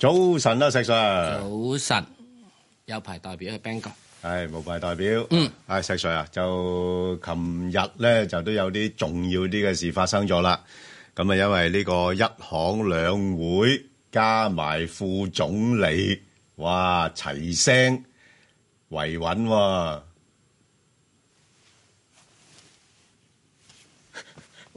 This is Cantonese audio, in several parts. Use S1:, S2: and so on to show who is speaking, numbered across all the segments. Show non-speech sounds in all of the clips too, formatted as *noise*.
S1: 早晨啦，石 Sir！早晨，有排代表去 Bangkok。係冇排代表。嗯。啊，石 Sir 啊，就琴日咧就都有啲重要啲嘅事發生咗啦。咁啊，因為呢個一行兩會加埋副總理，哇，齊聲維穩喎。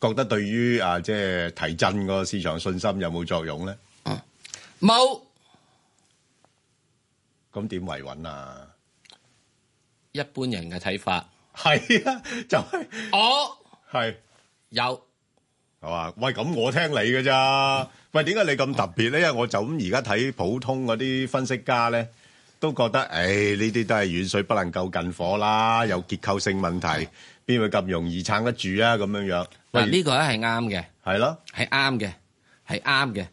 S1: 覺得對於啊，即係提振個市場信心有冇作用咧？嗯，
S2: 冇。
S1: 咁點維穩啊？一般人嘅睇法係啊，就係我係有。我話喂，咁我聽你嘅咋？喂，點解你咁特別咧？因為我就咁而家睇普通嗰啲分析家咧，都覺得誒，呢啲都係遠水不能夠近火啦，有結構性問題。邊會咁容易撐得住啊？咁樣樣嗱，呢個咧係啱嘅，係咯，係啱嘅，係啱嘅，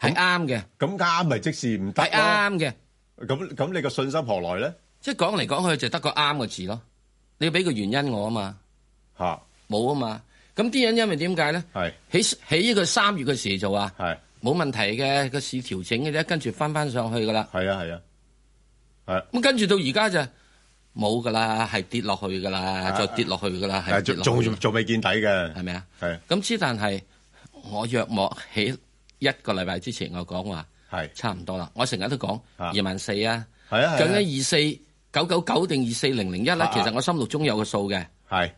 S1: 係啱嘅。
S2: 咁啱咪即係唔得咯？係啱嘅。咁咁你個信心何來咧？即係講嚟講去就得個啱個字咯。你要俾個原因我啊嘛。吓，冇啊嘛。咁啲人因為點解咧？係喺喺呢個三月嘅時就話係冇問題嘅，個市調整嘅啫，跟住翻翻上去噶啦。係啊係啊，係。咁跟住到而家就。冇噶啦，係跌落去噶啦，再跌落去噶啦，係仲仲仲未見底嘅，係咪啊？係。咁之但係，我約莫起一個禮拜之前，我講話係差唔多啦。我成日都講二萬四啊，講緊二四九九九定二四零零一啦。其實我心目中有個數嘅，係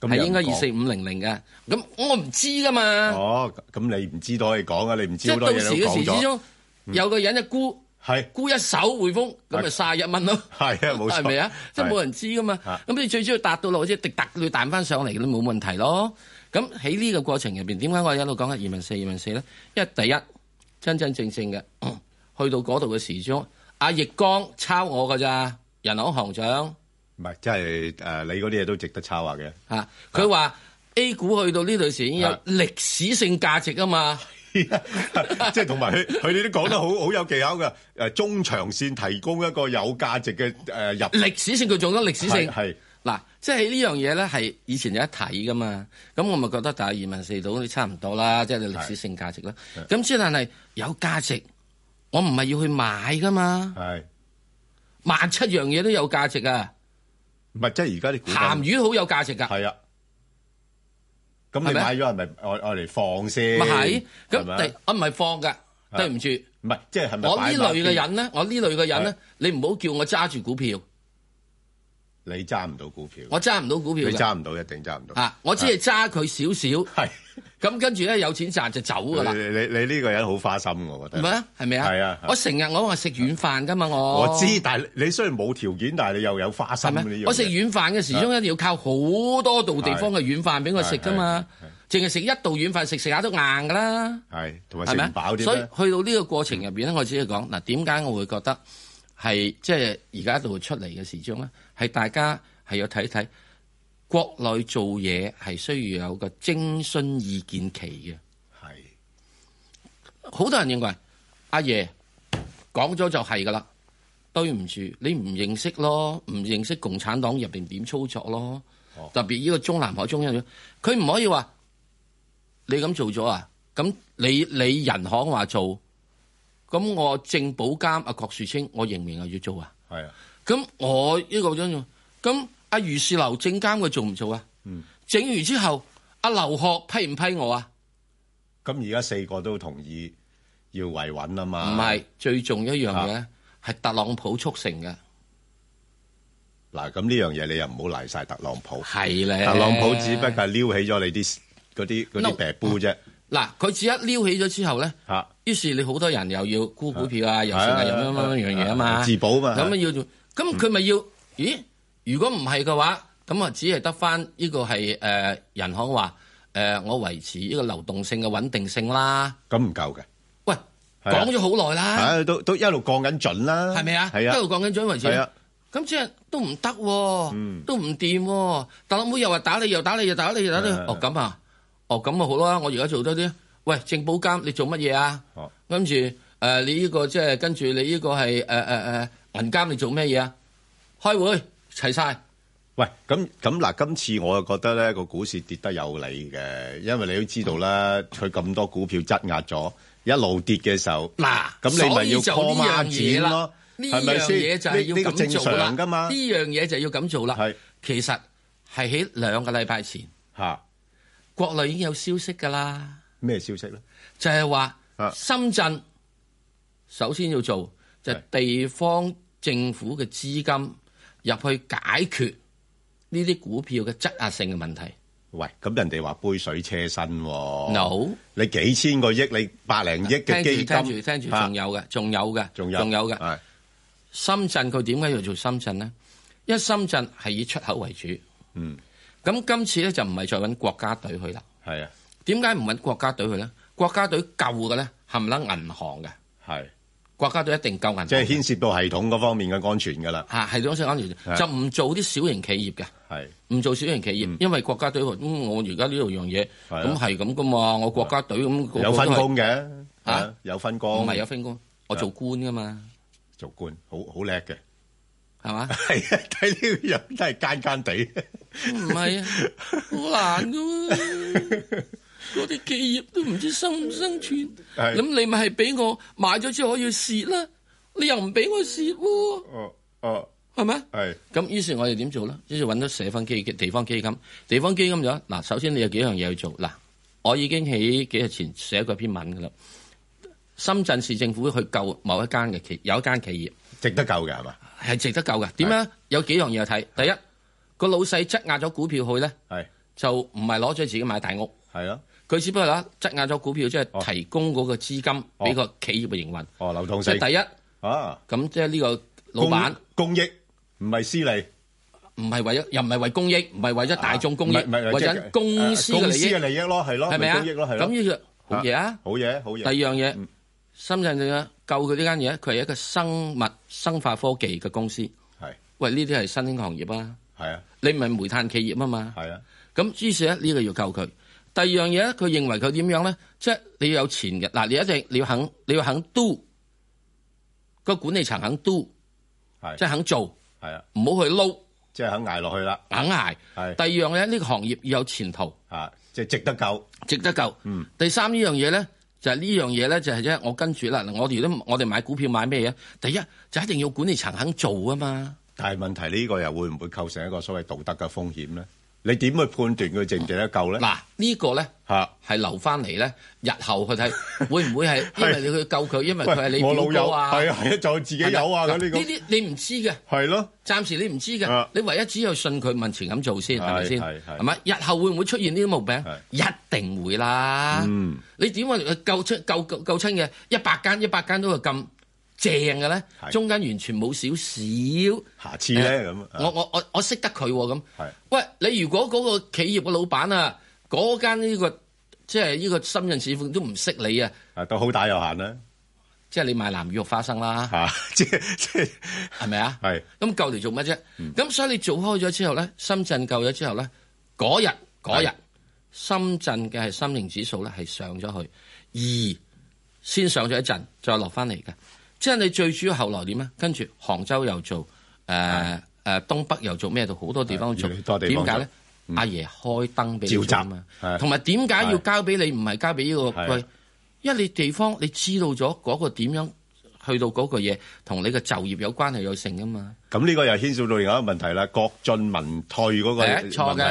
S2: 係應該二四五零零嘅。咁我唔知噶嘛。哦，咁你唔知道可以講啊，你唔知好多嘢，都好咗。有個人嘅估。係沽一手匯豐，咁咪曬一蚊咯。係啊，冇錯。係咪啊？即係冇人知噶嘛。咁你最主要達到落，好似滴答佢彈翻上嚟，咁冇問題咯。咁喺呢個過程入面，點解我一路講下二萬四、二萬四咧？因為第一真真正正嘅、嗯、去到嗰度嘅時鐘，阿易綱抄我㗎咋，人行行長。唔係，即係誒，你嗰啲嘢都值得抄下嘅。吓佢話 A 股去到呢度時已經有歷史性價值啊嘛。 *laughs* 即係同埋佢，佢哋都講
S1: 得好好有技巧㗎。誒，中長線提供一個有價值嘅誒、呃、入歷史性，
S2: 佢做得歷史性係。嗱，即係呢樣嘢咧，係以前有得睇噶嘛。咁我咪覺得大二民四島都差唔多啦，即係歷史性價值啦。咁先但係有價值，我唔係要去買噶嘛。係萬七樣嘢都有價值啊，唔係即係而家啲鹹魚好有價值噶。係啊。咁你買咗係咪愛愛嚟放先？咪係咁，我唔係放㗎！對唔住。唔係，即係我呢類嘅人咧，我呢類嘅人咧，你唔好叫我揸住股票。你揸唔到股票，我揸唔到股票，你揸唔到
S1: 一定揸唔到。啊，
S2: 我只係揸佢少少，咁跟住咧有錢賺就走㗎啦。 *laughs* 你你你呢個人好花心，我覺得。唔係啊，係咪啊？係啊。我成日我話食軟飯㗎嘛，我我知，但
S1: 係你雖然冇條件，但係你又有花心。我食軟飯嘅時，中一
S2: 定要靠好多度地方嘅軟飯俾我食㗎嘛。淨係食一道軟飯，食食下都硬㗎啦。
S1: 係，同埋食唔飽啲。所以
S2: 去到呢個過程入邊，咧、嗯，我只係講嗱，點解我會覺得？係即係而家度出嚟嘅時裝啦，係大家係要睇一睇國內做嘢係需要有個徵詢意見期嘅。係，好多人認為阿、啊、爺講咗就係噶啦，對唔住，你唔認識咯，唔認識共產黨入邊點操作咯。哦、特別呢個中南海中央，佢唔可以話你咁做咗啊，咁你你人行話做。咁我政保監阿郭樹清，我認唔認啊？要做啊、這個？係啊。咁我呢個重要。咁阿余士劉政監佢做唔做啊？
S3: 嗯。
S2: 整完之後，阿劉鶴批唔批我啊？咁而家四個都同意要維穩啦嘛。
S1: 唔係，最重要一樣嘢係特朗普促成嘅。嗱，咁呢樣嘢你又唔好賴晒特朗普。係啦。特朗普只不過係撩起咗你啲
S2: 嗰啲嗰啲皮布啫。嗱，佢只一撩起咗之後咧吓。啊於是你好多人又要沽股票啊，又成日、啊、又乜乜乜樣嘢啊嘛，自保嘛，咁咪要做。咁佢咪要？咦，如果唔係嘅話，咁啊只係得翻呢個係誒人行話誒、呃、我維持呢個流動性嘅穩定性啦。咁唔夠嘅。喂，講咗好耐啦。啊、
S1: 都都一路降緊準啦。係咪啊？係啊，一路降緊準維持。係
S2: 咁、啊、即係都唔得、啊嗯，都唔掂、啊。大佬妹又話打你又打你又打你又打你。哦咁啊，啊，哦咁啊哦好啦，我而家做多啲。喂，政保監，你做乜嘢啊？跟住誒，你呢個即係跟住你呢個係誒誒誒銀監，你做咩嘢啊？開會齊晒。
S1: 喂，咁咁嗱，今次我就覺得咧個股市跌得有理嘅，因為你都知道啦，佢咁多股票質押咗一路跌嘅時候嗱，咁你咪要降壓剪咯？呢樣嘢就係要咁做啦。
S2: 呢樣嘢就係要咁做啦。係其實係喺兩個禮拜前吓，國內已經有消息噶啦。咩消息咧？就係、是、話深圳首先要做就係地方政府嘅資金入去解決呢啲股票嘅質押性嘅問題。喂，咁人哋話杯水車薪，冇、no、你幾千個億，你百零億嘅基金，聽住聽住，仲有嘅，仲、啊、有嘅，仲有嘅。深圳佢點解要做深圳呢？因為深圳係以出口為主。嗯，咁今次咧就唔係再揾國家隊去啦。係啊。點解唔搵國家隊去咧？國家隊救嘅咧，係唔係銀行嘅？係國家隊一定救銀行。即係牽涉到系統嗰方面嘅安全噶啦。吓，系統性安全就唔做啲小型企業嘅，唔做小型企業，因為國家隊我而家呢度樣嘢咁係咁噶嘛，我國家隊咁有分工嘅吓，有分工。我咪有分工，我做
S1: 官噶嘛，做官好好叻嘅，
S2: 係嘛？
S1: 係睇呢個人真係奸奸地。
S2: 唔係啊，好難噶喎。嗰啲企業都唔知生唔生存，咁你咪係俾我買咗之後我要蝕啦，你又唔俾我蝕喎。哦哦，係咪？係。咁於是我哋點做咧？於是搵到社份基地方基金，地方基金咗。嗱，首先你有幾樣嘢去做嗱。我已經喺幾日前寫過篇文噶啦。深圳市政府去救某一間嘅企，有一間企業值得救嘅係嘛？係值得救嘅。點樣？有幾樣嘢去睇。第一，個老細質押咗股票去咧，係就唔係攞咗自己買大屋。係咯、啊。佢只不過啦，質押咗股票，即係提供嗰個資金俾個企業嘅營運。即係第一啊，咁即係呢個老闆，公益唔係私利，唔係為咗，又唔係為公益，唔係為咗大眾公益，為緊公司嘅利益咯，係咯，係咪啊？咁呢樣好嘢啊，好嘢，好嘢。第二樣嘢，深圳仲要救佢呢間嘢，佢係一個生物生化科技嘅公司。係喂，呢啲係新興行業啊。係啊，你唔係煤炭企業啊嘛。係啊，咁於是咧，呢個要救佢。第二樣嘢咧，佢認為佢點樣咧？即係你要有錢嘅，嗱，你一定你要肯你要肯 do，個管理層肯 do，即係、就是、肯做，係啊，唔好去撈，即係肯挨落去啦，肯挨。係第二樣咧，呢、這個行業要有前途，吓，即、就、係、是、值得夠值得夠嗯。第三樣東西呢樣嘢咧，就係、是、呢樣嘢咧，就係、是、啫，我跟住啦，我哋都我哋買股票買咩嘢啊？第一就一定要管理層肯做啊嘛。但係問題呢、這個又會
S1: 唔會構成一個所謂道德嘅風險咧？你點去判斷佢值唔值得救咧？嗱，呢個咧
S2: 係留翻嚟咧，日後去睇會唔會係因為你去救佢，因為佢係你老友啊？係啊係啊，就自己有啊！呢啲你唔知嘅，係咯，暫時你唔知嘅，你唯一只有信佢，目前咁做先係咪先？係咪？日後會唔會出現呢啲毛病？一定會啦。嗯，你點話救出救救救親嘅一百間一百間都係咁。正嘅咧，中間完全冇少少瑕疵咧。咁、啊、我我我我識得佢咁。喂，你如果嗰個企業嘅老闆啊，嗰間呢、呢個即係呢個深圳市府都唔識你啊，啊都好打有限啦，即係你賣南乳肉花生啦嚇、啊，即即係咪啊？係咁救嚟做乜啫？咁、嗯、所以你做開咗之後咧，深圳救咗之後咧，嗰日嗰日深圳嘅係深證指數咧係上咗去二先上咗一陣，再落翻嚟嘅。即係你最主要，後來點啊？跟住杭州又做，誒、呃、誒、東北又做咩？都好多地方做，點解咧？阿爺開燈你召集啊！同埋點解要交俾你？唔係交俾呢、這個貴，因為你地方你知道咗嗰個點樣去到嗰個嘢，同你嘅就業有關係有成㗎嘛？咁呢個又牽涉到另外一個問題啦。郭俊文退住嗰個問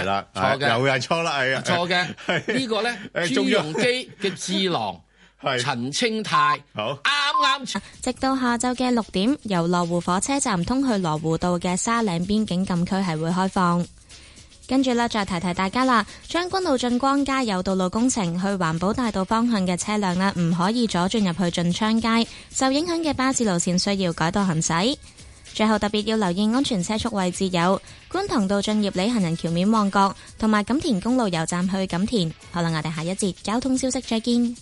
S2: 題啦，錯嘅，又係錯啦，係啊，錯嘅呢個咧，朱鎔基嘅智囊。 *laughs* 陳清泰，
S4: 好啱啱。直到下晝嘅六點，由羅湖火車站通去羅湖道嘅沙嶺邊境禁區係會開放。跟住啦，再提提大家啦，將軍澳進光街有道路工程，去環保大道方向嘅車輛啦唔可以左進入去進昌街。受影響嘅巴士路綫需要改道行駛。最後特別要留意安全車速位置有觀塘道進業里，行人橋面旺角同埋錦田公路油站去錦田。好啦，我哋下一節交通消息再見。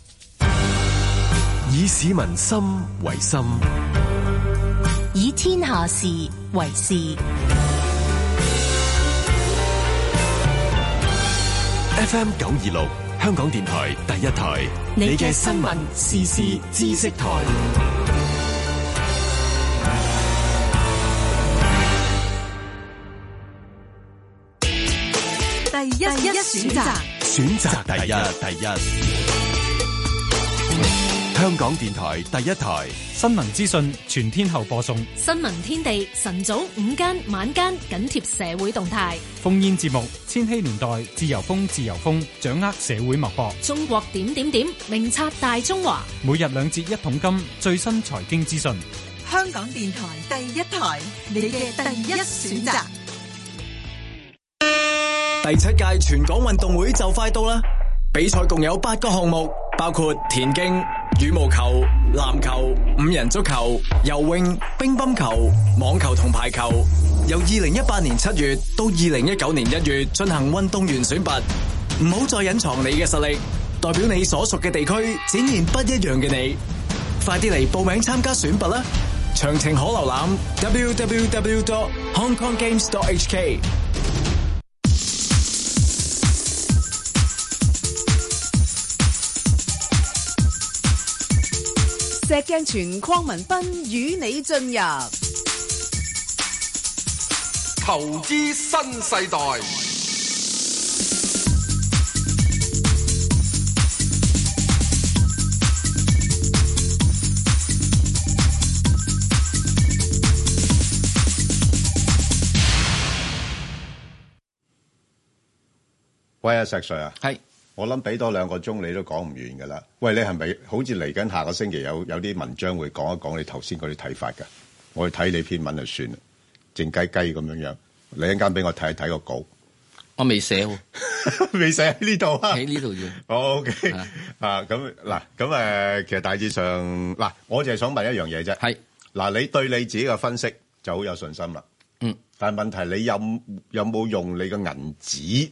S1: 以市民心為心，
S4: 以天下事為事。
S1: FM 九二六，香港電台第一台，你
S2: 嘅新聞、時事、知識台，
S4: 第一第一選擇，
S1: 選擇第一第一。第一香港電台第一台新聞資訊，全天候播送
S4: 新聞天地，晨早、午間、晚間緊貼社會動態，
S1: 烽煙節目，千禧年代，自由風，自由風，掌握社會脈搏。
S4: 中國點點點，明察大中華。
S1: 每日兩節一桶金，最新財
S4: 經資訊。香港電台第一台，你嘅第一選擇。第七屆全港運動會就快到啦！比賽共有八個項目，包括田徑。羽毛球、籃球、五人足球、游泳、乒乓球、網球同排球，由二零一八年七月到二零一九年一月進行運動員選拔。唔好再隱藏你嘅實力，代表你所屬嘅地區展現不一樣嘅你。快啲嚟報名參加選拔啦！詳情可瀏覽 www.hongkonggames.hk。Www 石鏡泉、鄺文斌與你進入投資新世代。
S1: 喂啊石瑞。啊，係。我諗俾多兩個鐘你都講唔完噶啦。喂，你係咪好似嚟緊下個星期有有啲文章會講一講你頭先嗰啲睇法噶？我去睇你篇文就算啦，靜雞雞咁樣樣。你一陣間俾我睇一睇個稿，我未寫，未寫喺呢度啊，喺呢度要。OK 啊，咁嗱，咁誒，其實大致上嗱，我就係想問一樣嘢啫。係嗱，你對你自己嘅分析就好有信心啦。嗯，但係問題你有有冇用你嘅銀紙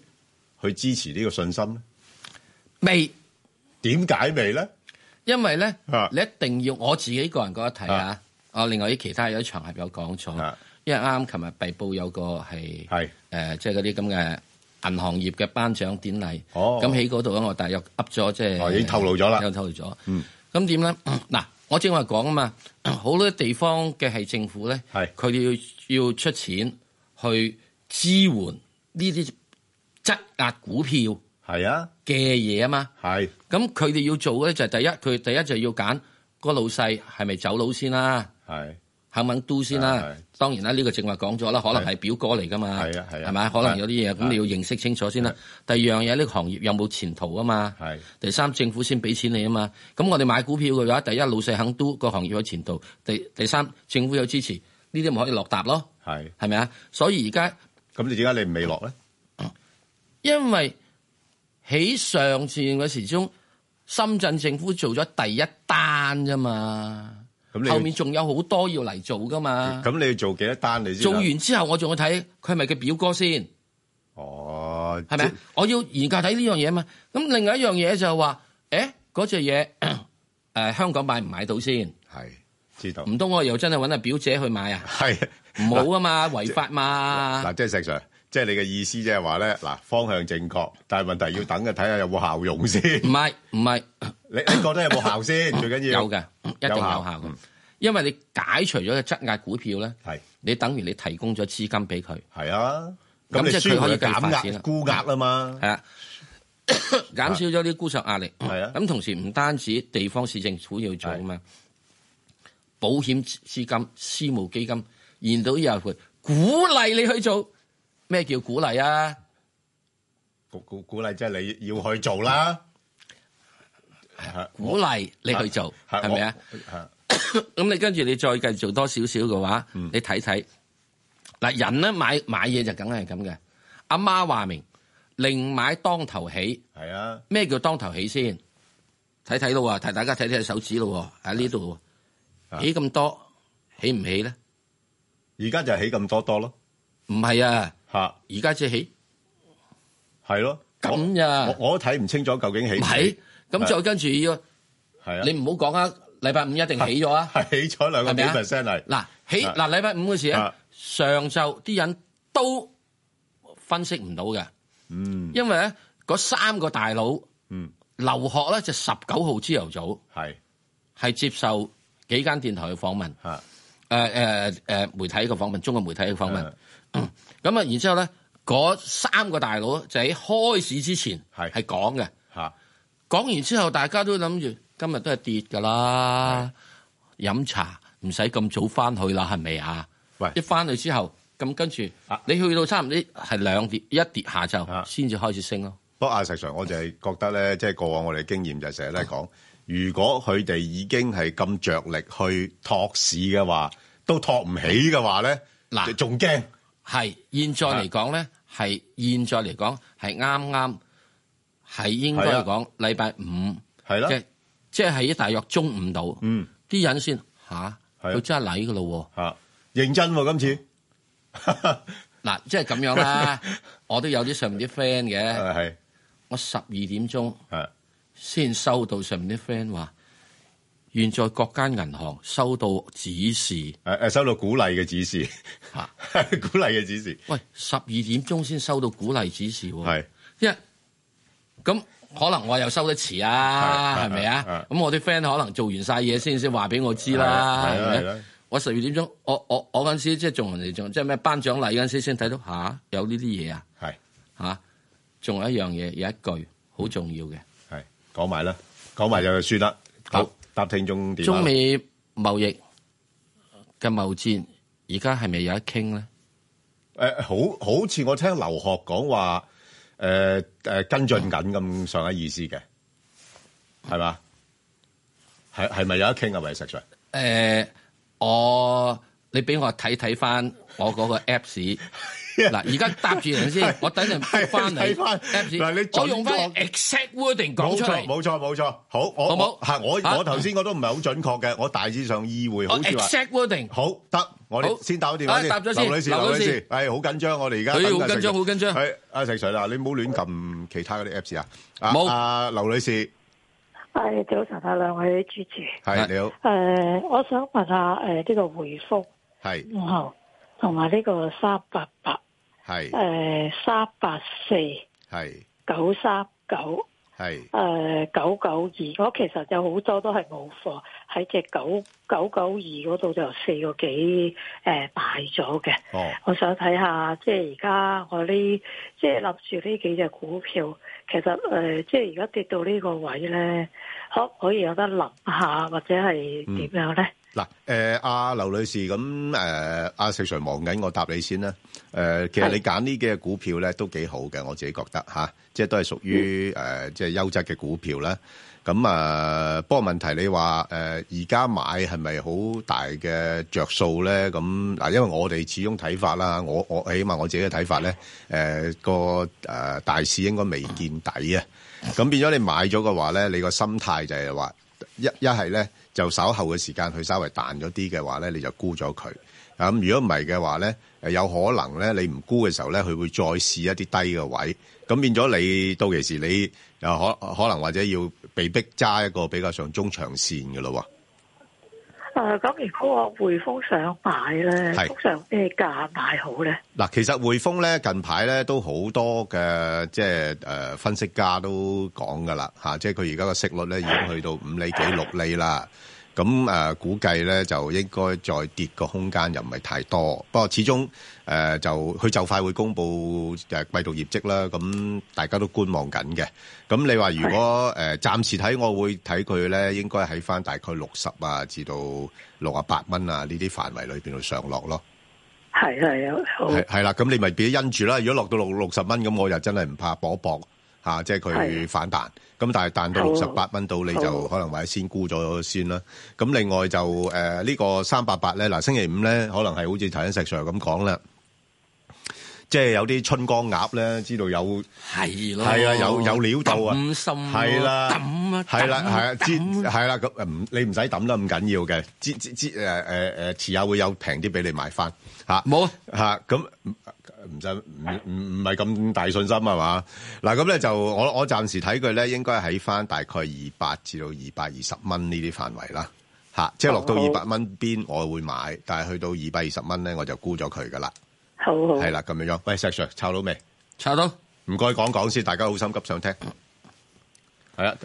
S1: 去支持呢個信心咧？
S2: 未？點解未咧？因為咧、啊，你一定要我自己個人覺得睇下啊，我啊剛剛、呃就是。哦，另外啲其他有場合有講錯，因為啱啱琴日被捕有個係，係誒，即係嗰啲咁嘅銀行業嘅頒獎典禮。哦，咁喺嗰度咧，我大約噏咗，即、就、係、是啊、已經透露咗啦，有、啊、透露咗。嗯，咁點咧？嗱，我正話講啊嘛，好多地方嘅係政府咧，係、啊、佢哋要要出錢去支援呢啲質押股票。係啊嘅嘢啊嘛，係咁，佢哋要做嘅咧就係第一，佢第一就要揀個老細係咪走佬先啦、啊，係肯唔肯做先啦、啊，當然啦、啊、呢、這個正話講咗啦，可能係表哥嚟噶嘛，係啊係啊，係咪可能有啲嘢咁你要認識清楚先啦、啊。第二樣嘢呢、這個行業有冇前途啊嘛，係第三政府先俾錢你啊嘛，咁我哋買股票嘅話，第一老細肯做個行業有前途，第第三政府有支持，呢啲咪可以落踏咯，係係咪啊？所以而家咁你點解你未落咧？因為。喺上次嗰時中，深圳政府做咗第一單啫嘛，後面仲有好多要嚟做噶嘛。咁
S1: 你要做幾多單你先？做完之
S2: 後我仲要睇佢係咪嘅表哥先。哦，係咪我要而家睇呢樣嘢啊嘛。咁另外一樣嘢就係話，誒嗰隻嘢誒香港買唔買到先？係知道。唔通我又真係搵阿表姐去買啊？係唔好啊嘛，違、啊、法嘛。嗱、啊，
S1: 即係、啊、石 Sir 即係你嘅意思就是，即係話咧，嗱方向正確，但係問題要等嘅，睇下有冇效用先。唔係唔係，你你覺得有冇效先？ *coughs* 最緊要有嘅，一定有效，的有效。
S2: 因為你解除咗個質押股票咧，係、嗯、你等於你提供咗資金俾佢。係啊，咁即係可以減壓估額啊嘛。係啊，減 *coughs* 少咗啲估上壓力。係啊，咁 *coughs* 同時唔單止地方市政府要做啊嘛，保險資金、私募基金，然到以後佢鼓勵你去做。咩叫鼓勵啊？鼓鼓鼓勵即係你要去做啦， *laughs* 鼓勵你去做係咪啊？咁 *laughs* 不是 *laughs* *laughs* 你跟住你再繼續做多少少嘅話，嗯、你睇睇嗱人咧買買嘢就梗係咁嘅。阿媽話明，寧買當頭起，係啊。咩叫當頭起先？睇睇咯，睇大家睇睇手指咯喺呢度，起咁多，起唔起咧？而家就起咁多多咯，唔係啊？吓，而家即起係咯咁呀？我我都睇唔清楚究竟起唔起咁，再跟住要係啊？你唔好講啊！禮拜五一定起咗啊！係起咗兩個幾 percent 嚟嗱？起嗱禮拜五嘅事咧，上晝啲人都分析唔到嘅，嗯，因為咧嗰三個大佬，嗯，留學咧就十九號朝頭早係係接受幾間電台嘅訪問，吓誒誒誒，媒體嘅訪問，中國媒體嘅訪問。咁啊，然之後咧，嗰三個大佬就喺開市之前係係講嘅嚇，講、啊、完之後大家都諗住今日都係跌噶啦，飲茶唔使咁早翻去啦，係咪啊？喂！一翻去之後，咁跟住你去到差唔多係兩跌一跌，下晝先至開始升咯。
S1: 不過啊，石 Sir 我就係覺得咧，即、就、係、是、過往我哋經驗就成日都係講，如果佢哋已經係咁着力去
S2: 托市嘅話，都托唔起嘅話咧，嗱仲驚。係，現在嚟講咧，係、啊、現在嚟講，係啱啱，係應該講禮拜五，即係即係係大約中午度，嗯，啲人先吓，佢、啊啊、真係禮噶咯，吓、啊，認真喎、啊、今次，嗱， *laughs* 即係咁樣啦， *laughs* 我都有啲上面啲 friend 嘅，我十二點鐘先、啊、收到上面啲 friend 話。原在各間銀行收到指示，誒、啊、誒，收到鼓勵嘅指示吓，啊、 *laughs* 鼓勵嘅指示。喂，十二點鐘先收到鼓勵指示喎，係，因為咁可能我又收得遲啊，係咪啊？咁、啊、我啲 friend 可能做完晒嘢先先話俾我知啦，係啦、啊啊啊啊啊啊，我十二點鐘，我我我嗰陣時即係、就是、仲人哋仲，即係咩頒獎禮嗰陣時先睇到吓有呢啲嘢啊，係吓，仲、啊、有一樣嘢，有一句好重要嘅，係講埋啦，講埋就係算啦，好。好答聽點、啊、中美貿易嘅貿易戰而家係咪有得傾咧？誒、呃，好
S1: 好似我聽劉鶴講話，誒、呃、誒、呃、跟進緊咁上下意思嘅，係、嗯、嘛？係係咪有得傾啊？喂實在，
S2: 誒，我你俾我睇睇翻我嗰個 Apps。 *laughs* 嗱，而家搭住先，我等陣翻嚟。嗱，你再用翻 exact wording 講出嚟。冇錯，
S1: 冇錯，冇錯。好，好唔好？吓，我我頭先我都唔係好準確嘅，我大致上意會好似話。exact wording 好得，我哋先打個電話先。劉女士，劉女士，係好緊張，我哋而家要好緊張，好緊張。係阿成瑞嗱，你唔好亂撳其他嗰啲 apps 啊。冇。阿劉女士，
S4: 係早晨啊，兩位主持，係你好。誒，我想問下誒呢個回覆係好，同埋呢個三八八。係，誒、呃，三八四，
S1: 係，
S4: 九三九，
S1: 係，
S4: 誒，九九二，我其實有好多都係冇貨，喺隻九九九二嗰度就四個幾，誒、呃，買咗嘅。哦，我想睇下，即係而家我呢，即係立住呢幾隻股票，其實誒、呃，即係而家跌到呢個位咧，可唔可以有得諗下，或者係點樣咧？嗯嗱、
S1: 呃，誒，阿劉女士，咁、呃、誒，阿、啊、Sir 忙緊，我答你先啦。誒、呃，其實你揀呢幾隻股票咧，都幾好嘅，我自己覺得吓、啊，即係都係屬於誒，即係優質嘅股票啦。咁啊，不過問題你話誒，而、呃、家買係咪好大嘅着數咧？咁嗱，因為我哋始終睇法啦，我我起碼我自己嘅睇法咧，誒、呃，個誒、呃、大市應該未見底啊。咁變咗你買咗嘅話咧，你個心態就係話一一係咧。就稍後嘅時間，佢稍微彈咗啲嘅話咧，你就沽咗佢咁。如果唔係嘅話咧，有可能咧你唔沽嘅時候咧，佢會再試一啲低嘅位，咁變咗你到期時你又可可能或者要被逼揸一個比較上中長線嘅咯喎。
S3: 誒，咁
S4: 如果我匯豐想買咧，匯豐咩價買
S1: 好咧？嗱，其實匯豐咧近排咧都好多嘅，即係誒分析家都講噶啦嚇，即係佢而家嘅息率咧已經去到五釐幾六釐啦。咁誒估計咧就應該再跌個空間又唔係太多，不過始終誒就佢就快會公布誒季度業績啦，咁大家都觀望緊嘅。咁你話如果誒暫時睇，我會睇佢咧，應該喺翻大概六十啊至到六十八蚊啊呢啲範圍裏邊度上落咯。
S4: 係係好
S1: 係啦，咁你咪俾因住啦。如果落到六六十蚊，咁我又真係唔怕搏搏。啊！即係佢反彈，咁但係彈到六十八蚊度，你就可能或者先沽咗先啦。咁另外就誒呢個三八八咧，嗱星期五咧，可能係好似頭先石 Sir 咁講啦，即係有啲春光鴨咧，知道有係啦，係啊，有有料到啊，咁深，係啦，咁啊，係啦，係啊，知係啦，咁唔你唔使抌得咁緊要嘅，知知知誒誒誒，遲下會有平啲俾你買翻嚇，冇嚇咁。唔使唔唔唔係咁大信心係嘛？嗱咁咧就我我暫時睇佢咧，應該喺翻大概二百至到二百二十蚊呢啲範圍啦。吓，即係落到二百蚊邊我會買，但係去到二百二十蚊咧，我就沽咗佢噶啦。
S4: 好，係啦
S1: 咁樣樣。喂，石 Sir，抄到未？抄到。唔該講講先，大家好心急想聽。係、嗯、啊，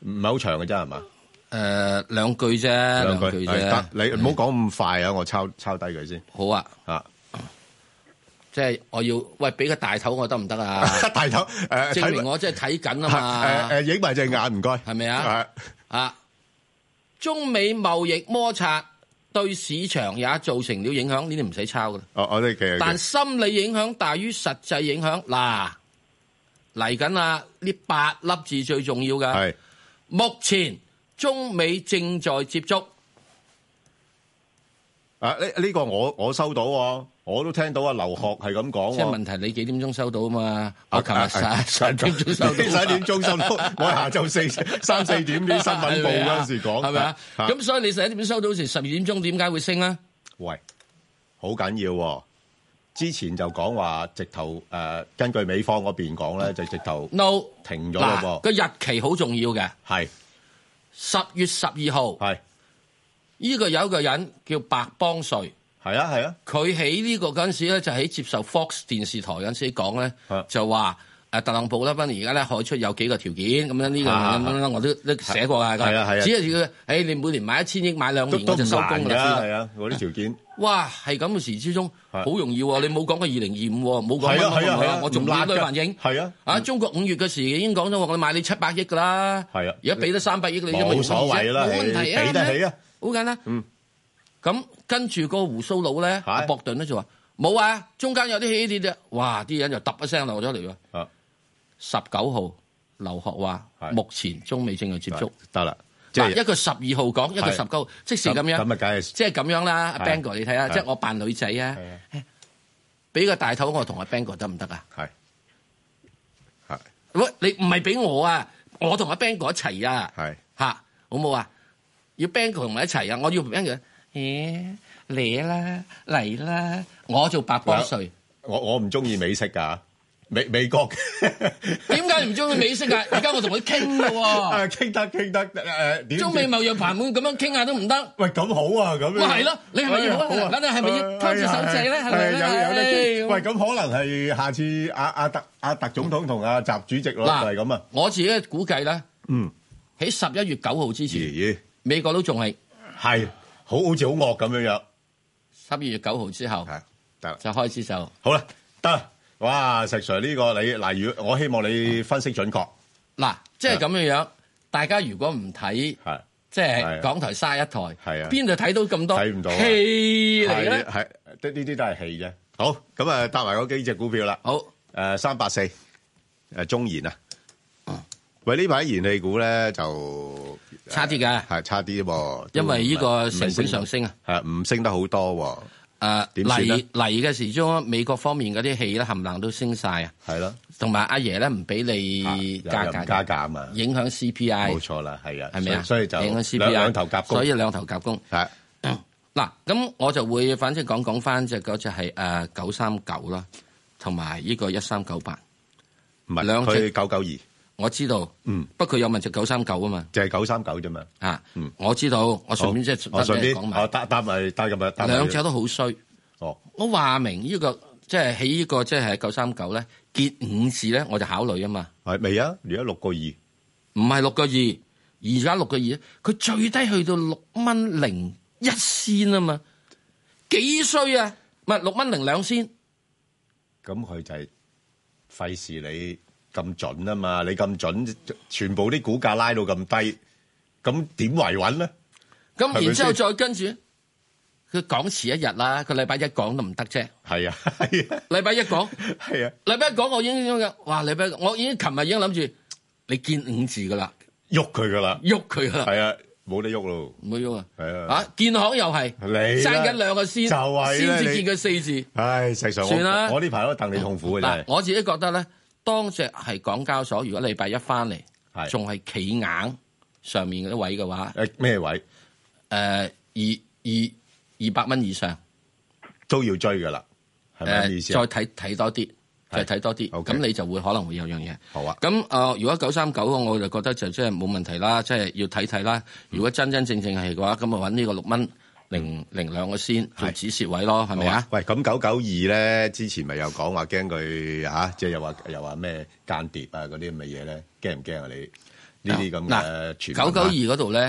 S1: 唔係好長嘅啫，係嘛？
S2: 誒、呃，兩句啫，
S1: 兩句啫。得，句 *coughs* 你唔好講咁快啊！我抄抄低佢先。好啊。啊。
S2: 即係我要喂俾個大頭我得唔得啊？大頭，誒，證明我真係睇緊啊嘛。誒誒，影埋隻眼唔該，係咪啊？啊，中美貿易摩擦對市場也造成了影響，呢啲唔使抄噶啦。哦，我哋其實但心理影響大於實際影響。嗱，嚟緊啊！呢八粒字最重要噶。係目前中美正在接觸。
S1: 啊，呢呢個我我收到。我都聽到啊，留學係咁講。即係
S2: 問題，你幾點鐘收到啊嘛？我琴日十一點鐘收到，十一點鐘收到。我下晝四三四點啲新聞報嗰陣時講，係咪啊？咁所以你十一點鐘收到時，十二點鐘點解會升咧？
S1: 喂，好緊要。之前就講話，直頭誒，根據美方嗰邊講咧，就直頭 no 停咗嘅噃。個
S2: 日期好重要嘅，係十月十二號。係呢個有個人叫白邦瑞。係啊係啊，佢喺呢個嗰陣時咧，就喺接受 Fox 電視台嗰陣時講咧、啊，就話誒特朗普啦，翻而家咧海出有幾個條件咁樣呢、這個、啊，我都都寫過噶。係啊係啊，啊，只係要誒你每年買一千億買兩年，我就收工啦。係啊，
S1: 嗰啲條件。
S2: 哇，係咁嘅時之中，好、啊、容易喎、啊啊！你冇講過二零二五，冇講過，啊啊啊、我仲辣嘅反應。係啊，啊，啊中國五月嘅時已經講咗，我買你七百億噶啦。係啊，而家俾得三百億你，你都冇所謂啦，冇、啊、問題啊，俾、啊啊、得起啊，好簡單。嗯咁跟住個胡鬚佬咧、啊，博頓咧就話冇啊，中間有啲起跌啫。哇！啲人就揼一聲落咗嚟喎。十、啊、九號劉鶴話，目前中美正在接觸，得啦、啊。一個十二號講，一個十九號、啊，即是咁樣。咁啊、就是，梗即係咁樣啦。啊、Bangor，你睇下、啊啊，即係我扮女仔啊，俾、啊、個大頭我同阿 Bangor 得唔得啊？喂、啊啊，你唔係俾我啊，我同阿 Bangor 一齊啊。吓、啊啊，好冇啊？要 Bangor 同埋一齊啊，我要 Bangor、啊。耶嚟啦嚟啦！我做八邦稅，我我唔中
S1: 意美式噶美美國，
S2: 點解唔中意美式噶？而家我同佢傾嘅喎，傾得傾得誒，中美貿易戰咁樣傾下都唔得。喂，咁好啊咁，咪係咯？你係咪要？你係咪要攤住手掣咧？係咪咧？喂，咁可能係下次阿阿特阿特總統同阿習主席咯？嗱，係咁啊！我自己估計咧，
S1: 嗯，
S2: 喺十一月九號之前，美國都仲係係。好好似好惡咁樣樣，十二月九號之後，係得、啊啊、就開始就好啦，得
S1: 哇！石 Sir 呢個你嗱，如果我希望你分析準確，嗱、啊，即係咁樣
S2: 樣、啊，大家如果唔睇，係即係港台卅一台，係啊，邊度睇到咁多戲嚟咧？係、啊，到啊
S1: 啊啊、都呢啲都係戲嘅。好，咁啊，搭埋嗰幾隻股票啦。好，誒、呃，三百四，誒，中研啊。喂，呢排燃氣股咧就差啲嘅，係差啲，因為呢個成本上升
S2: 啊，係唔升得好多。
S1: 誒，
S2: 嚟嚟嘅時中，美國方面嗰啲氣咧冚唪唥都升晒，係咯，同埋阿爺咧唔俾你加價，加價嘛，影響 C P I，冇錯啦，係啊，係咪啊？所以就影響 C P I，兩頭夾攻，所以兩頭夾攻。係嗱，咁我就會反正講講翻，就嗰隻係誒九三九啦，同埋呢個一三九八，唔係兩隻九九二。我知道，嗯，不過佢有問隻九三九啊嘛，就係九三九啫嘛，吓，嗯，我知道，我上面即係，我上面，我搭搭埋，搭今日，兩隻都好衰，哦，我話明呢個即係喺呢個即係喺九三九咧，結五字咧，我就考慮啊嘛，係未啊？而家六個二，唔係六個二，而家六個二，佢最低去到六蚊零一仙啊嘛，幾衰啊？唔係六蚊零兩仙，咁
S1: 佢就係費事你。咁準啊嘛！你咁準，全部啲
S2: 股價拉到咁低，咁點維穩咧？
S1: 咁然之後再
S2: 跟住佢講遲一日啦，佢禮拜一講都唔得啫。係啊係啊，禮拜一講係啊，禮拜一講、啊、我已經哇，禮拜我已經琴日已經諗住你見五字噶啦，
S1: 喐佢噶啦，喐佢噶啦。係啊，冇得喐咯，唔好喐啊。係啊，啊
S2: 建行又係，
S1: 你爭緊兩個先就為先至見佢四字。唉，實際上我我呢排都戥你痛
S2: 苦嘅真係。我自己覺得咧。當只係港交所，如果禮拜一翻嚟，係仲係企硬上面嗰啲位嘅話，誒咩位？誒二二二百蚊以上都要追噶啦，係咪
S3: 咁嘅意思？再
S2: 睇睇，多啲，再睇多啲，咁、okay. 你就會可能會有樣嘢好啊。咁誒、呃，如果九三九我就覺得就即係冇問題啦，即係要睇睇啦。如果真真正正係嘅話，咁，啊搵呢個六蚊。零零兩個先係止蝕位咯，係咪啊？
S1: 喂，咁九九二咧，之前咪又講話驚佢嚇，即、啊、係、就是、又話又話咩間諜啊嗰啲咁嘅嘢咧，驚唔驚啊？你、啊、呢啲咁嘅九九二嗰度
S2: 咧，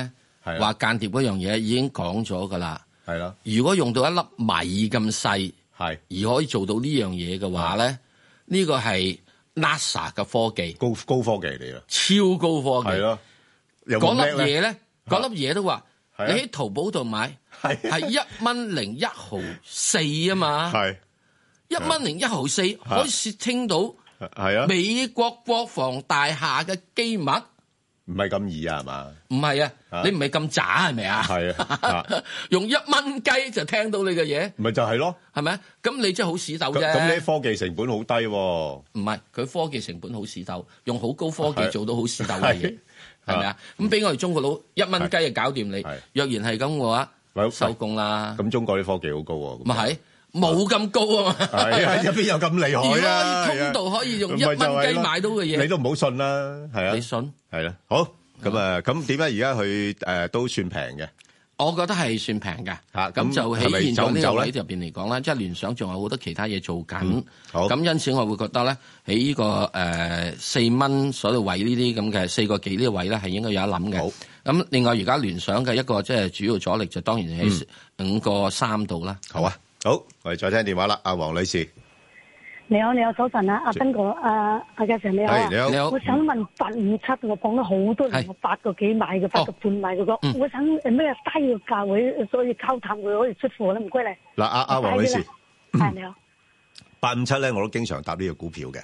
S2: 話、啊、間諜嗰樣嘢已經講咗噶啦，係咯、啊。如果用到一粒米咁細，係、啊、而可以做到呢樣嘢嘅話咧，呢、啊呢個係 NASA 嘅科技，高高科技嚟咯，超高科技係咯。講粒嘢咧，講粒嘢都話、啊、你喺淘寶度買。係一蚊零一毫四啊嘛，係一蚊零一毫四，可以竊聽到係啊美國國防大廈嘅機密，唔係咁易啊嘛，唔係啊，你唔係咁渣係咪啊？係啊，用一蚊雞就聽到你嘅嘢，唔咪就係咯，係咪啊？咁你真係好屎斗啫，咁你啲科技成本好低，唔係佢科技成本好屎斗，用好高科技做到好屎斗嘅嘢，係咪啊？咁俾我哋中國佬一蚊雞就搞掂你，若然係咁嘅話。收工啦！咁中國啲科技好高喎，唔係冇咁高啊嘛，係啊，入邊有咁厲害
S1: 啊！而家通道可以用一蚊雞買到嘅嘢，你都唔好信啦，係啊，你信。係啦，好咁啊，咁點解而家佢誒都算平嘅？我覺得係算平嘅嚇，
S2: 咁就喺現咗呢個位入邊嚟講啦，即係聯想仲有好多其他嘢做緊，好咁，因此我會覺得咧，喺呢個誒四蚊所位呢啲咁嘅四個幾呢個位咧，係應該有得諗嘅。咁另外而家聯想嘅一個即係主要阻力就當然喺五個三度啦、嗯。好啊，好，我哋再聽電話啦，阿黃女士。
S4: 你好，你好，早晨啊，阿斌哥，阿阿嘉好，你好你好，我想問八五七我講咗好多年，八個幾買嘅，八個半買嗰個買，嗯，我想咩咩低嘅價位，所以溝淡佢可以出貨啦，唔該你。
S1: 嗱，啊，阿阿黃女士，
S4: 啊，你好。
S1: 八五七咧，我都經常搭呢個股票嘅。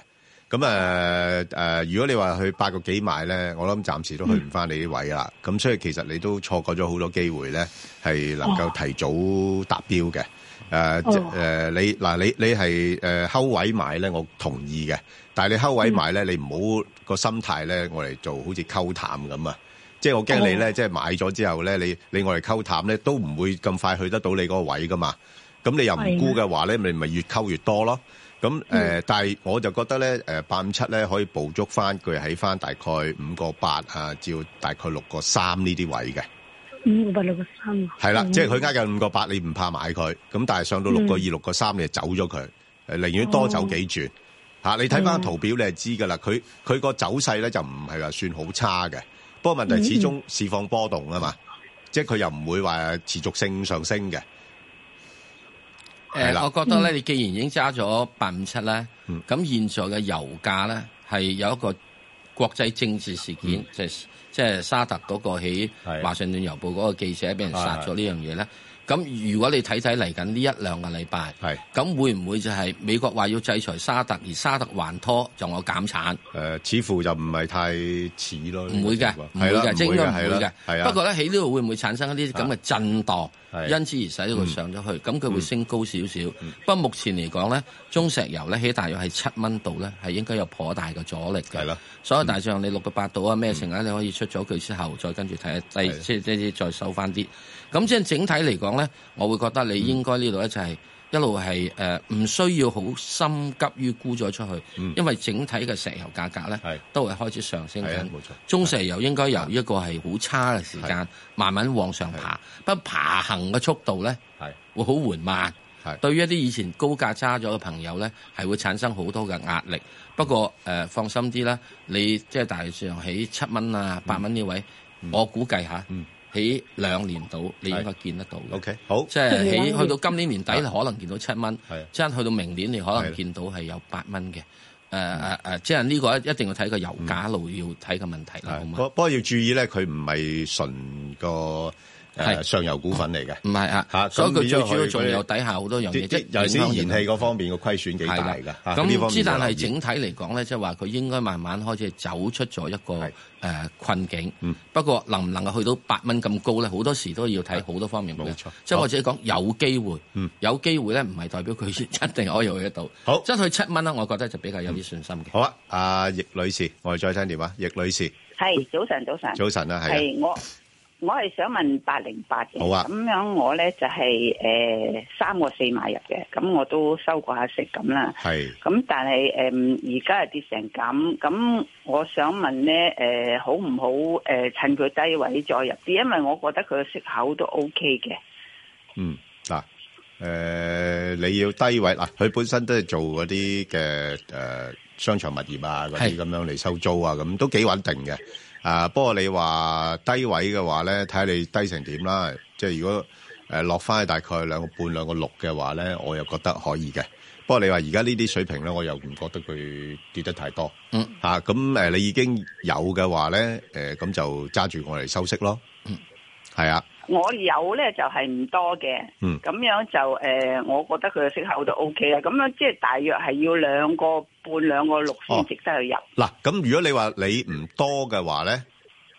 S1: 咁啊誒，如果你話去八個幾買咧，我諗暫時都去唔翻你啲位啦。咁、嗯、所以其實你都錯過咗好多機會咧，係能夠提早達標嘅。誒、哦呃哦呃、你嗱、呃、你你係誒溝位買咧，我同意嘅。但你溝位買咧，嗯、你唔好個心態咧，我嚟做好似溝淡咁啊！即係我驚你咧，哦、即係買咗之後咧，你你我嚟溝淡咧，都唔會咁快去得到你個位噶嘛。咁你又唔沽嘅話咧，你咪越溝越多咯。咁誒、呃嗯，但係我就覺得咧，誒八五七咧可以捕捉翻佢喺翻大概五個八啊，至大概六個三呢啲位嘅，
S4: 五個八六個三
S1: 係啦，即係佢挨近五個八，你唔怕買佢，咁但係上到六個二六個三，你就走咗佢，誒寧願多走幾轉、哦啊、你睇翻個圖表，你就知噶啦，佢佢個走勢咧就唔係話算好差嘅，不過問題始終市況波動啊嘛，嗯、即係佢又唔會話持續性上升
S2: 嘅。誒、嗯，我覺得咧，你既然已經揸咗八五七咧，咁現在嘅油價咧係有一個國際政治事件，即係即係沙特嗰個喺《華盛頓郵報》嗰個記者俾人殺咗呢樣嘢咧。咁如果你睇睇嚟緊呢一兩個禮拜，咁會唔會就係美國話要制裁沙特，而沙特還拖，仲有減產？誒、呃，似乎就唔係太似咯。唔、那個、會嘅，唔會嘅，應該唔會嘅。係啊。不過咧，喺呢度會唔會產生一啲咁嘅震盪？因此而使到佢上咗去，咁、嗯、佢會升高少少、嗯。不過目前嚟講咧，中石油咧喺大約係七蚊度咧，係應該有頗大嘅阻力嘅。係啦。所以大象你六個八度啊，咩成啊，你可以出咗佢之後，再跟住睇下，再即即即再收翻啲。咁即係整體嚟講咧，我會覺得你應該呢度咧就係一路係誒唔需要好心急於沽咗出去、嗯，因為整體嘅石油價格咧都係開始上升緊。冇錯，中石油應該由一個係好差嘅時間，慢慢往上爬，不過爬行嘅速度咧係會好緩慢。係對於一啲以前高價揸咗嘅朋友咧，係會產生好多嘅壓力、嗯。不過誒、呃，放心啲啦，你即係大約上起七蚊啊、八蚊呢位、嗯，我估計下。嗯起兩年到，你應該見得到嘅。O、okay, K，好，即係起去到今年年底，你可能見到七蚊。即係去到明年，你可能見到係有八蚊嘅。誒誒誒，即係呢個一一定要睇個油價路、嗯、要睇個問題啦。好嗎？不過
S1: 要注意咧，佢唔係純個，係上游股份嚟嘅，唔係啊，啊，所以佢最主要仲有底下好多樣嘢即係，有天然氣嗰方面嘅虧損幾大噶，咁、啊、之、啊、但係整
S2: 體嚟講咧，即係話佢應該慢慢開始走出咗一個誒、呃、困境、嗯。不過能唔能夠去到八蚊咁高咧，好多時都要睇好多方面嘅。冇、啊、錯，即係我自己講有機會，嗯、有機會咧唔係代表佢一定可以去得到。好，即係去七蚊啦，我覺得就比較有啲信心嘅、嗯。好啊，阿、啊、易女士，我哋再聽電話，易女士係
S4: 早晨，早晨早晨啊，係我。我係想問八零八嘅，咁樣我咧就係誒三個四買入嘅，咁我都收過下息咁啦。係。咁但係誒，而家係跌成咁，咁我想問咧誒，好唔好誒趁佢低位再入啲？因為我覺得佢嘅息口都 OK 嘅。
S1: 嗯，嗱，誒你要低位嗱，佢本身都係做嗰啲嘅誒商場物業啊，嗰啲咁樣嚟收租啊，咁都幾穩定嘅。啊！不過你話低位嘅話咧，睇下你低成點啦。即係如果、呃、落翻去大概兩個半兩個六嘅話咧，我又覺得可以嘅。不過你話而家呢啲水平咧，我又唔覺得佢跌得太多。嗯。吓、咁、誒、你已經有嘅話咧，誒、呃、咁就揸住我嚟收息咯。嗯。係啊。
S4: 我有咧就係唔多嘅，咁、嗯、樣就誒、呃，我覺得佢嘅適合度 OK 啦。咁樣即係大約係要兩個半兩個六先值得去入。
S1: 嗱、哦，咁如果你，你話你唔多嘅話咧，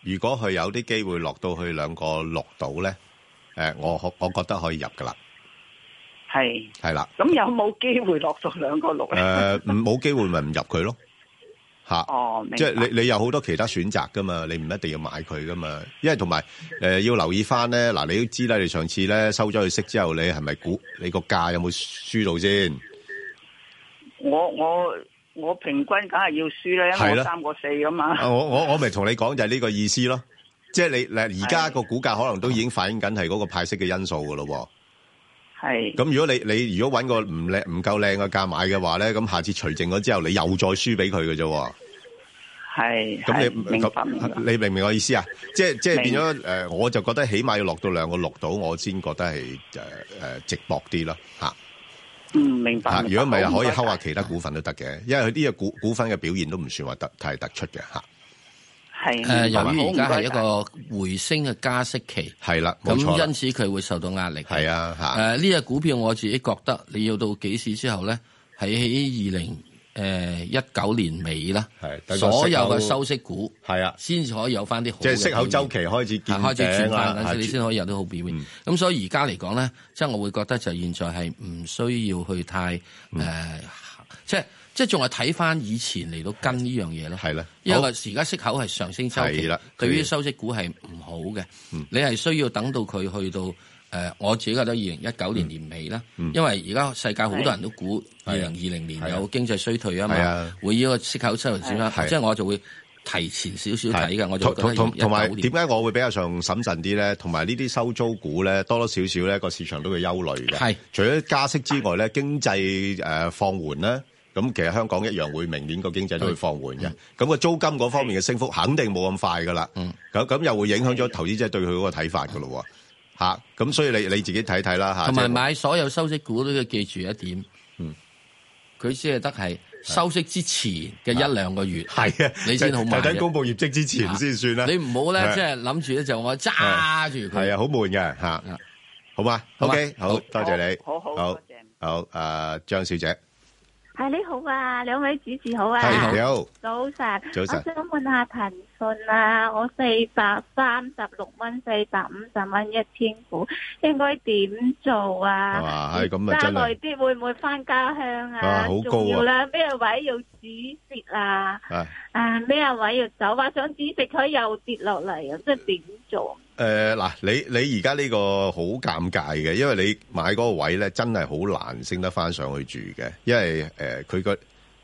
S1: 如果佢有啲機會落到去兩個六度咧，誒、呃，我我我覺得可以入噶啦。
S4: 係係啦，咁有冇機會落到兩個六
S1: 咧？誒、呃，冇機會咪唔入佢咯。吓、啊哦，即係你你有好多其他選擇噶嘛，你唔一定要買佢噶嘛，因為同埋誒要留意翻咧，嗱你都知啦，你上次咧收咗佢息之後，你係咪股你個價有冇輸到先？我我我平均
S4: 梗係要輸啦，因為三
S1: 個四噶嘛。我我我咪同你講就係呢個意思咯， *laughs* 即係你嗱而家個股價可能都已經反映緊係嗰個派息嘅因素噶咯。咁如果你你如果揾個唔靚唔夠靚嘅價買嘅話咧，咁下次除淨咗之後，你又再輸俾佢嘅啫。係，咁你，你，
S3: 你明白唔？
S1: 你明唔明我意思啊？即係即係變咗誒、呃，我就覺得起碼要落到兩個六到，我先覺得係誒誒值博啲咯吓。嗯，
S4: 明白。吓，如果唔係，可以敲
S1: 下其他股份都得嘅，
S2: 因為佢啲嘅股股份嘅表現都唔算話太突出嘅吓。啊
S3: 係誒，由於而家係一個
S2: 回升嘅加息期，係啦，咁因此佢會受到壓力。係啊，嚇誒呢隻股票我自己覺得你要到幾時之後咧，喺二零誒一九年尾啦，係所有嘅收息股係啊，先可以有翻啲好，即係息口周期開始開始轉慢，你先可以有啲好表現，咁、嗯、所以而家嚟講咧，即係我會覺得就現在係唔需要去太誒、呃嗯，即係。即係仲係睇翻以前嚟到跟呢樣嘢咯，係啦，因為而家息口係上升周期，對於收息股係唔好嘅、嗯。你係需要等到佢去到誒、呃，我自己覺得二零一九年年尾啦、嗯，因為而家世界好多人都估二零二零年有經濟衰退啊嘛，會呢個息口收落點啦，即係我就會提前少少睇嘅。我就同同同同埋
S1: 點解我會比較上審慎啲咧？同埋呢啲收租股咧多多少少咧個市場都會憂慮嘅。係除咗加息之外咧，經濟誒、呃、放緩咧。咁其實香港一樣會明年個經濟都會放緩嘅，咁個租金嗰方面嘅升幅肯定冇咁快噶啦。咁、嗯、咁又會影響咗投資者對佢嗰個睇法噶咯喎。咁、嗯、所以你你自己睇睇啦
S2: 嚇。同埋買所有收息股都要記住一點，嗯，佢先係得係收息之前嘅一兩個月，係啊，你先好買。就等公佈業績之前先算啦、啊啊。你唔好咧，即係諗住咧就我揸住佢。係啊，啊，啊，好悶嘅嚇，好嘛？OK，好，好，
S1: 好多謝你，好好多謝，好啊、uh，張小姐。
S4: 係你好啊，兩位主持好啊，你好，早晨，早晨，我想問下陳。份啊！我四百三十六蚊，四百五十蚊一千股，應該點做啊？係嘛？係咁啊！真係。啲會唔會翻家鄉啊？啊，好高、啊。啦咩位要止蝕啊？哎、啊啊咩位要走啊？想止蝕佢又跌落嚟啊！即係點做？
S1: 誒、呃、嗱、呃，你你而家呢個好尷尬嘅，因為你買嗰個位咧，真係好難升得翻上去住嘅，因為誒佢個。呃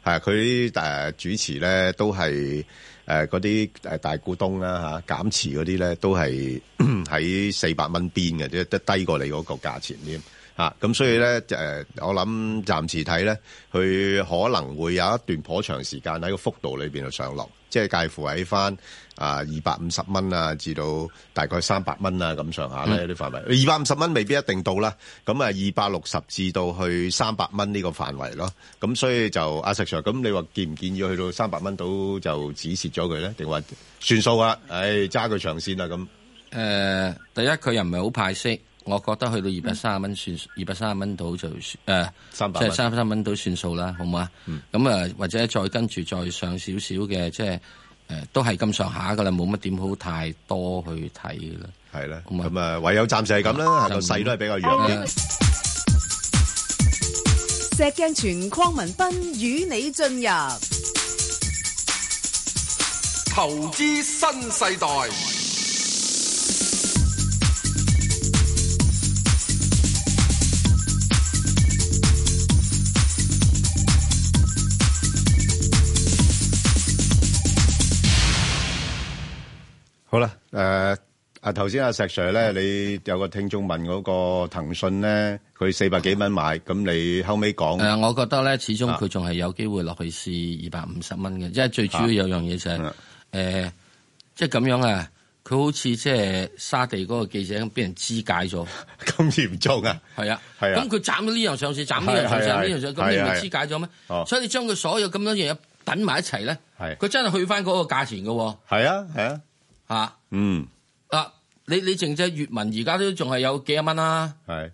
S1: 係佢誒主持咧，都係誒嗰啲大股東啦嚇，減持嗰啲咧都係喺四百蚊邊嘅，即低過你嗰個價錢添。啊，咁所以咧，就、呃、我諗暫時睇咧，佢可能會有一段頗長時間喺個幅度裏邊啊上落，即係介乎喺翻、呃、啊二百五十蚊啊至到大概三百蚊啊咁上下咧啲範圍，二百五十蚊未必一定到啦，咁啊二百六十至到去三百蚊呢個範圍咯，咁所以就阿、啊、石 Sir 咁，你話建唔建議要去到三百蚊到就止蝕咗佢咧，定話算數啊？唉、哎，
S2: 揸佢長線啊咁。誒、呃，第一佢又唔係好派息。我覺得去到二百三十蚊算二百三十蚊到就百即係三百蚊到算數啦，好唔好啊？咁、嗯、啊，或者再跟住再上少少嘅，即係誒，都係咁上下噶啦，冇乜點好太多去睇噶啦，啦，咁唯有暫時係咁啦，個、啊、勢都係比
S1: 較弱嘅、嗯呃。
S4: 石鏡泉匡文斌與你進入投資新世代。
S2: 好啦，
S1: 誒、呃，啊，頭先阿石 Sir 咧，你有個聽眾問嗰個騰訊咧，佢四百幾蚊買，咁、嗯、你後尾講誒，我覺得咧，始終佢
S2: 仲係有機會落去試二百五十蚊嘅，即係最主要有樣嘢就係、是，誒、啊呃，即係咁樣啊，佢好似即係沙地嗰個記者咁，俾人肢解咗，咁嚴重啊？係啊，係啊，咁佢斬呢樣上市，斬呢樣上市，呢樣咁你唔係肢解咗咩？所以你將佢所有咁多樣嘢等埋一齊咧，係，佢真係去翻嗰個價錢嘅、哦，係啊，係啊。吓、啊，嗯，嗱、啊，你你淨只粵文而家都仲係有幾廿蚊啦，係，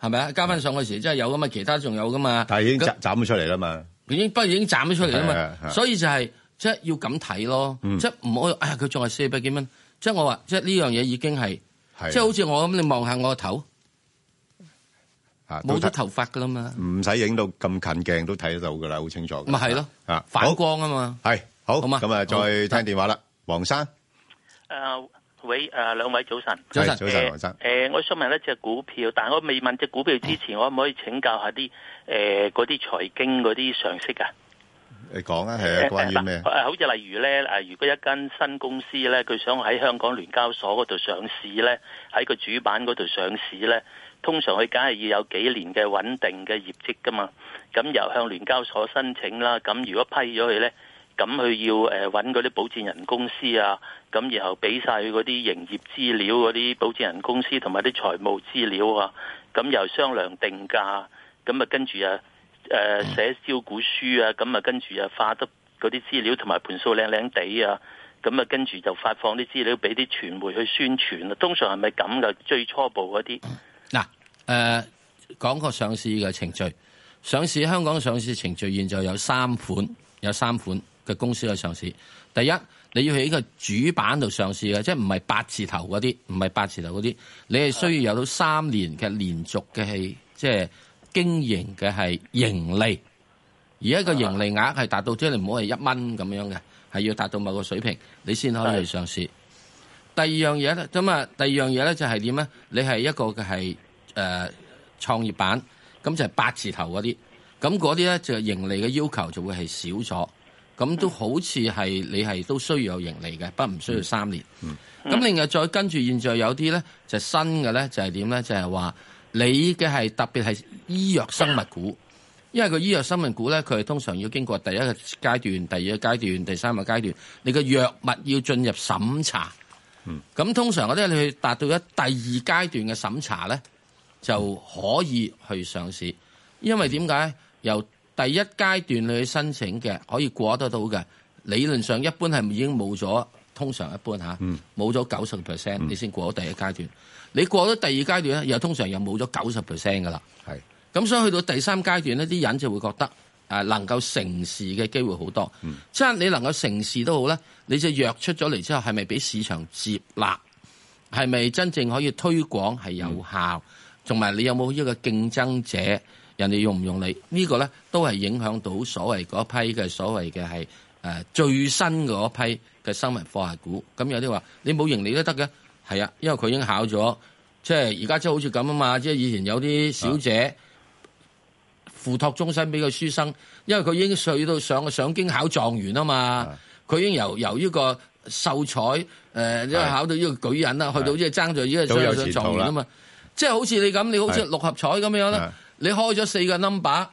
S2: 係咪啊？加翻上去時真係有噶嘛，其他仲有噶嘛，但係已經斬咗出嚟啦嘛，已經不過已經斬咗出嚟啦嘛，是是是是所以就係即係要咁睇咯，即係唔好，哎，佢仲係四百幾蚊，即、就、係、是、我話即係呢樣嘢已經係，即係、就是、好似我咁，你望下我個頭，
S1: 冇、啊、得頭
S2: 髮噶啦嘛，
S1: 唔使影到咁近鏡都睇得到噶啦，好清楚，咪係咯，反光啊嘛，係好，咁啊再聽電話啦，黃生。
S3: 啊，喂！啊，兩位早晨，早晨，呃、早晨，黃生、呃、我想問一隻股票，但係我未問隻股票之前，啊、我可唔可以請教下啲誒嗰啲財經嗰啲常識啊？你講啊，係啊，關於咩、呃呃、好似例如咧，如果一間新公司咧，佢想喺香港聯交所嗰度上市咧，喺個主板嗰度上市咧，通常佢梗係要有幾年嘅穩定嘅業績㗎嘛。咁由向聯交所申請啦。咁如果批咗佢咧？咁佢要揾嗰啲保薦人公司啊，咁然後俾晒佢嗰啲營業資料、嗰啲保薦人公司同埋啲財務資料啊，咁又商量定價，咁啊跟住啊誒寫招股書啊，咁啊跟住啊化得嗰啲資料同埋盤數靚靚地啊，咁啊跟住就發放啲資料俾啲傳媒去宣傳啊。通常係咪咁噶？最初步嗰啲嗱
S2: 誒講個上市嘅程序，上市香港上市程序現在有三款，有三款。嘅公司去上市，第一你要喺呢個主板度上市嘅，即係唔係八字頭嗰啲，唔係八字頭嗰啲，你係需要有到三年嘅連續嘅係即係經營嘅係盈利，而一個盈利額係達到是即係你唔好係一蚊咁樣嘅，係要達到某個水平，你先可以去上市。第二樣嘢咧，咁啊，第二樣嘢咧就係點咧？你係一個嘅係誒創業板，咁就係八字頭嗰啲，咁嗰啲咧就係盈利嘅要求就會係少咗。咁都好似係你係都需要有盈利嘅，不唔需要三年。咁、嗯嗯、另外再跟住，現在有啲咧就是、新嘅咧就係點咧就係、是、話你嘅係特別係醫藥生物股，因為個醫藥生物股咧佢通常要經過第一個階段、第二個階段、第三個階段，你嘅藥物要進入審查。咁、嗯、通常嗰啲你去達到一第二階段嘅審查咧就可以去上市，因為點解又？由第一階段你去申請嘅可以過得到嘅，理論上一般係已經冇咗，通常一般吓冇咗九十 percent，你先過咗第一階段。你過咗第二階段咧，又通常又冇咗九十 percent 噶啦。係咁，所以去到第三階段呢啲人就會覺得誒、啊、能夠成事嘅機會好多。嗯、即係你能夠成事都好咧，你就藥出咗嚟之後，係咪俾市場接納？係咪真正可以推廣係有效？同、嗯、埋你有冇一個競爭者？人哋用唔用你、這個、呢個咧，都係影響到所謂嗰批嘅所謂嘅係誒最新嗰批嘅生物科學股。咁有啲話你冇盈利都得嘅，係啊，因為佢已經考咗，即係而家即係好似咁啊嘛。即係以前有啲小姐付託終身俾個書生，因為佢已應試到上上京考狀元啊嘛。佢已經由由呢個秀才誒，即、呃、係考到呢個舉人啦，去到即係爭在呢個上上狀元啊嘛。是即係好似你咁，你好似六合彩咁樣啦。你開咗四個 number，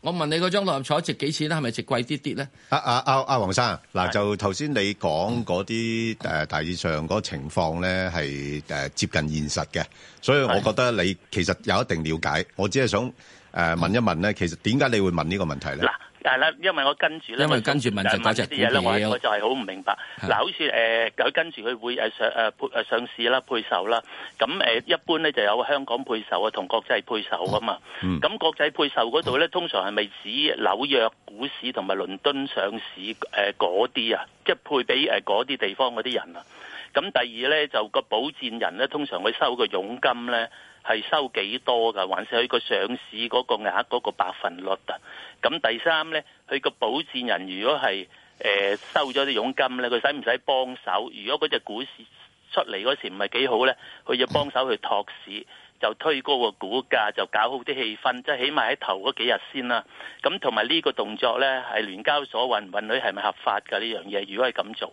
S2: 我問你嗰張六合彩值幾錢咧？係咪值貴啲啲咧？阿啊啊阿黃啊生，嗱就
S1: 頭先你講嗰啲誒大致上嗰情況咧，係誒接近現實嘅，所以我覺得你其實有一定了解。我只係想誒問一問咧，其實點解你會問呢個問題咧？
S3: 但係啦，因為我跟住咧，因為跟住問啲嘢，我我就係好唔明白。嗱，好似誒佢跟住佢會誒上誒配、呃、上市啦，配售啦。咁誒、呃、一般咧就有香港配售啊，同國際配售啊、哦、嘛。咁、嗯、國際配售嗰度咧，通常係咪指紐約股市同埋倫敦上市誒嗰啲啊？即係配俾誒嗰啲地方嗰啲人啊。咁第二咧就個保薦人咧，通常會收個佣金咧。係收幾多噶，還是佢個上市嗰個額嗰個百分率啊？咁第三呢，佢個保薦人如果係誒、呃、收咗啲佣金呢，佢使唔使幫手？如果嗰隻股市出嚟嗰時唔係幾好呢，佢要幫手去託市，就推高個股價，就搞好啲氣氛，即係起碼喺頭嗰幾日先啦。咁同埋呢個動作呢，係聯交所允唔允許係咪合法㗎？呢樣嘢如果係咁做，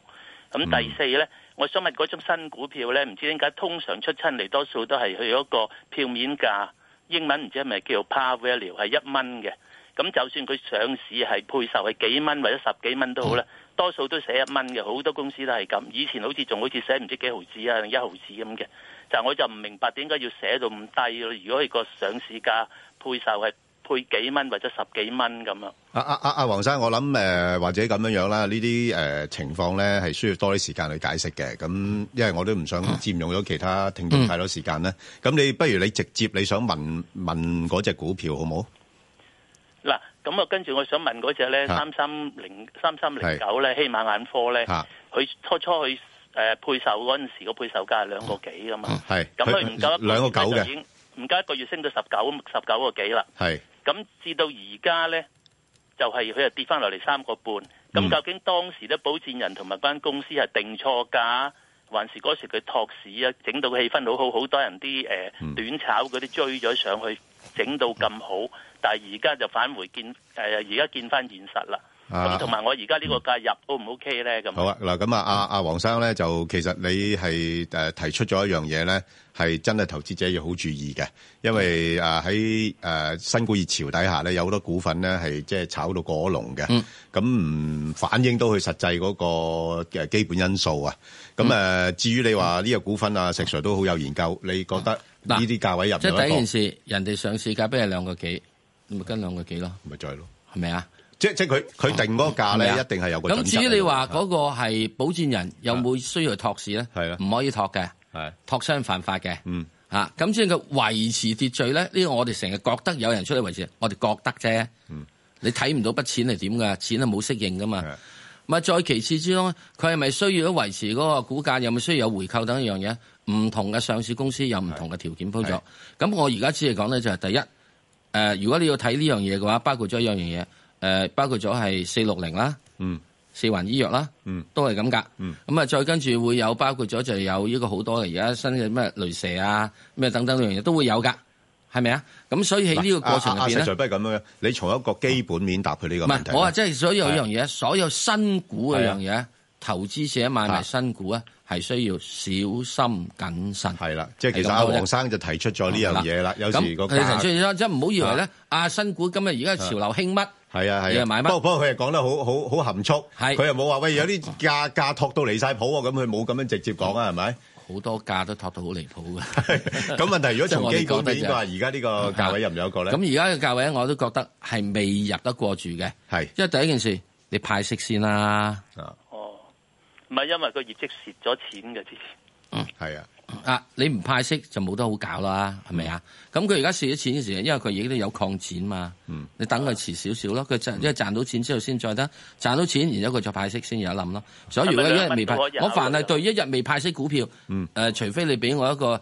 S3: 咁第四呢。嗯我想問嗰種新股票呢，唔知點解通常出親嚟多數都係佢嗰個票面價，英文唔知係咪叫做 par value 係一蚊嘅。咁就算佢上市係配售係幾蚊或者十幾蚊都好啦，多數都寫一蚊嘅，好多公司都係咁。以前好似仲好似寫唔知幾毫子啊，一毫子咁嘅。就我就唔明白點解要寫到咁低咯。如果佢個上市價配售係。配幾蚊或
S1: 者十幾蚊咁咯。阿阿阿阿黃生，我諗誒，或者咁樣樣啦，呢啲誒情況咧係需要多啲時間去解釋嘅。咁因為我都唔想佔用咗其他聽眾太多時間咧。咁你不如你直接你想問問嗰隻股票好唔好？
S3: 嗱，咁啊，跟住我想問嗰隻咧，三三零三三零九咧，希瑪眼科咧，佢初初去誒配售嗰陣時，個配售價係兩個幾噶嘛？
S2: 係，
S1: 咁佢唔夠兩個九嘅。
S3: 而家一個月升到十九十九個幾啦，係咁至到而家咧，就係佢又跌翻落嚟三個半。咁究竟當時啲保薦人同埋嗰間公司係定錯價，還是嗰時佢託市啊，整到氣氛好好，好多人啲誒短炒嗰啲追咗上去，整到咁好，但係而家就返回見誒，而家見翻現實啦。咁同埋我而家呢個價入 O 唔 O K
S1: 咧？咁、嗯、好啊！嗱，咁啊，阿阿黃生咧，就其實你係誒提出咗一樣嘢咧，係真係投資者要好注意嘅，因為啊喺誒新股熱潮底下咧，有好多股份咧係即係炒到過龍嘅，咁、嗯、唔反映到佢實際嗰個嘅基本因素啊。咁、嗯、誒至於你話呢個股份啊，石、嗯、Sir 都好有研究，你覺得呢啲價位入咗、啊？即係第一件事，
S2: 人哋上市價俾係兩個幾，咪跟兩個幾、嗯、咯，咪再係咯，係咪啊？即係即係佢佢定嗰個價咧，一定係有個準則。咁至於你話嗰個係保薦人有冇需要托市咧？係唔可以托嘅，托商犯法嘅。嗯，吓咁佢個維持秩序咧？呢、這個、我哋成日覺得有人出嚟維持，我哋覺得啫。嗯，你睇唔到筆錢係點噶？錢係冇適應噶嘛。咪再其次之中，佢係咪需要維持嗰個股價？又咪需要有回購等一樣嘢？唔同嘅上市公司有唔同嘅條件操作。咁我而家只係講咧，就係、是、第一，誒、呃，如果你要睇呢樣嘢嘅話，包括咗一樣嘢。誒，包括咗係四六零啦，嗯，四環醫藥啦，嗯，都係咁噶，嗯，咁啊，再跟住會有包括咗就有呢個好多而家新嘅咩雷蛇啊，咩等等呢樣嘢都會有噶，係咪啊？咁所以喺呢個過程入邊咧，阿徐
S1: 咁樣，你從一個基本面答佢呢個問題。我話即係所有呢樣
S2: 嘢，所有新股嗰樣嘢，投資者買埋新股啊，係需要小心謹慎。係啦、啊啊，即係其實阿黃生
S1: 就提出咗呢樣嘢啦。有時個價，即係唔好以為咧、
S2: 啊，啊新股今日而家潮流興乜？係啊，係啊是買，不過不過佢
S1: 又講得好好好含蓄，佢又冇話喂有啲價價托到離晒譜喎，咁佢冇
S2: 咁樣直接講啊，係、嗯、咪？好多價都托到好離譜㗎。咁問題如果從基嗰邊都
S1: 話而家
S3: 呢個價位入唔入過咧？咁而
S2: 家嘅價位咧，我都覺得係未入得過住嘅，係，因為第一件事你派息先啦，哦，
S3: 唔係因為個業績蝕咗錢嘅之
S2: 前，嗯，係啊。啊！你唔派息就冇得好搞啦，係咪啊？咁佢而家蝕咗錢嘅時候，因為佢已經都有擴展嘛。嗯。你等佢遲少少咯，佢賺，因為賺到錢之後先再得，賺到錢，然後佢再派息先有一諗咯。所以如果一日未派，是是我凡係對一日未派息股票，嗯。誒、呃，除非你俾我一個誒、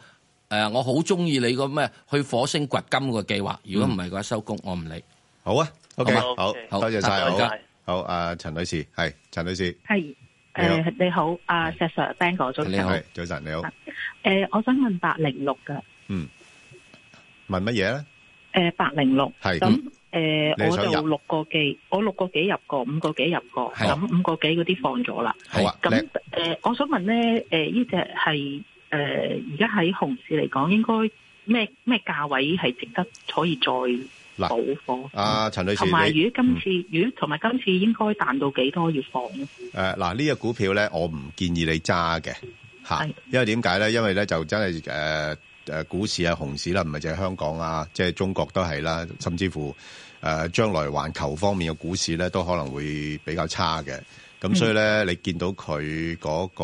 S2: 呃，我好中意你個咩去火星掘金個計劃，如果唔係嘅話收工，我唔理、嗯。好啊。O、okay, K、okay。好，okay, 多謝晒，
S1: 好，阿陳、呃、女士係，陳女士
S4: 係。誒、呃，你好，阿 Sasha，Ben 哥早上好，早晨你好。誒、呃，我想問八零六噶，
S1: 嗯，
S4: 問乜嘢咧？誒、呃，八零六，係咁，誒、嗯呃，我就六個幾，我六個幾入過，五個幾入過，咁、啊、五個幾嗰啲放咗啦。咁誒、啊啊嗯呃，我想問咧，誒、呃，呢隻係誒而家喺熊市嚟講，應該咩咩價位係值得可以再？
S1: 嗱，啊，陳女士，同埋如果今次，如果同埋
S4: 今次應該彈到幾多
S1: 月貨咧？嗱、啊，呢、啊、隻、這個、股票咧，我唔建議你揸嘅嚇，因為點解咧？因為咧就真係誒誒股市，紅市啊，熊市啦，唔係淨係香港啊，即係中國都係啦、啊，甚至乎誒、啊、將來環球方面嘅股市咧，都可能會比較差嘅。咁所以咧、嗯，你見到佢嗰、那個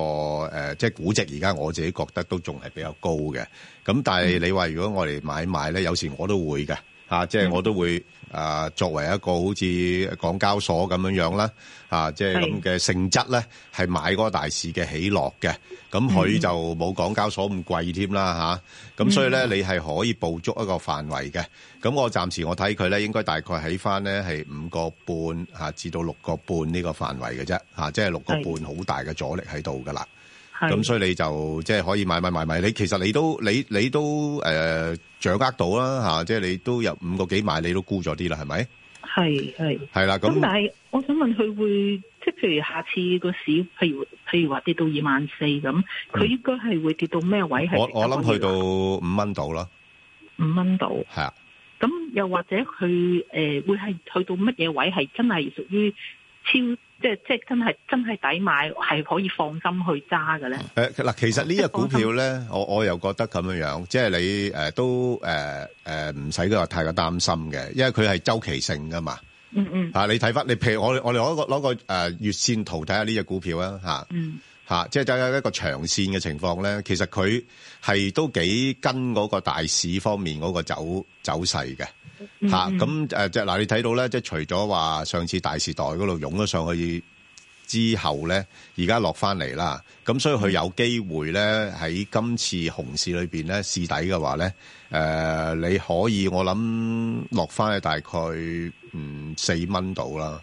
S1: 即係、啊就是、估值而家我自己覺得都仲係比較高嘅。咁但係你話如果我哋買賣咧、嗯，有時我都會嘅。啊，即係我都會啊，作為一個好似港交所咁樣樣啦，啊，即係咁嘅性質咧，係買嗰個大市嘅起落嘅。咁佢就冇港交所咁貴添啦，吓、啊、咁所以咧，你係可以捕捉一個範圍嘅。咁我暫時我睇佢咧，應該大概喺翻咧係五個半吓、啊、至到六個半呢個範圍嘅啫，吓、啊、即係六個半好大嘅阻力喺度噶啦。咁所以你就即係可以買買買買，你其實你都你你都誒掌握到啦嚇，即係你都有五個幾買，你都沽咗啲啦，係咪？係係係啦，咁。咁但
S4: 係我想問佢會即係譬如下次個市，譬如譬如話跌到二萬四咁，佢應該係會跌到咩位？我我諗去
S1: 到五蚊度啦，五蚊
S4: 度係啊。咁又或者佢誒會係去到乜嘢位？係真係屬於超？即係即係真係真係抵買，係可以放心
S1: 去揸嘅咧。誒，嗱，其實呢隻股票咧，我我又覺得咁樣樣，即係你誒都誒誒唔使個太過擔心嘅，因為佢係週期性噶嘛。嗯嗯。啊，你睇返，你譬如我我哋攞個攞個誒月線圖睇下呢隻股票啊嚇。嗯。啊，即係就一個長線嘅情況咧，其實佢係都幾跟嗰個大市方面嗰個走走勢嘅吓。咁誒即係嗱，你睇到咧，即係除咗話上次大時代嗰度湧咗上去之後咧，而家落翻嚟啦。咁所以佢有機會咧喺今次熊市裏面咧試底嘅話咧，誒、呃、你可以我諗落翻去大概嗯四蚊度啦。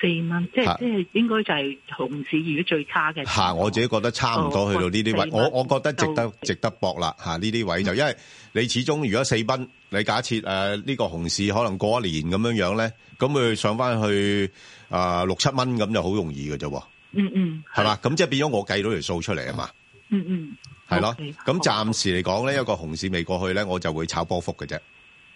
S4: 四蚊，即係即係應該就係熊市而家最差嘅。吓，
S1: 我自己覺得差唔多去到呢啲位置，哦呃，我我覺得值得值得搏啦。吓，呢啲位就因為你始終如果四蚊，你假設誒呢個熊市可能過一年咁樣樣咧，咁佢上翻去啊，呃、六七蚊咁就好容易嘅啫。嗯
S3: 嗯，
S1: 係嘛，咁即係變咗我計到條數出嚟啊嘛。嗯嗯，
S3: 係咯。咁，okay,
S1: 暫時嚟講咧，一個熊市未過去咧，我就會炒波幅嘅啫。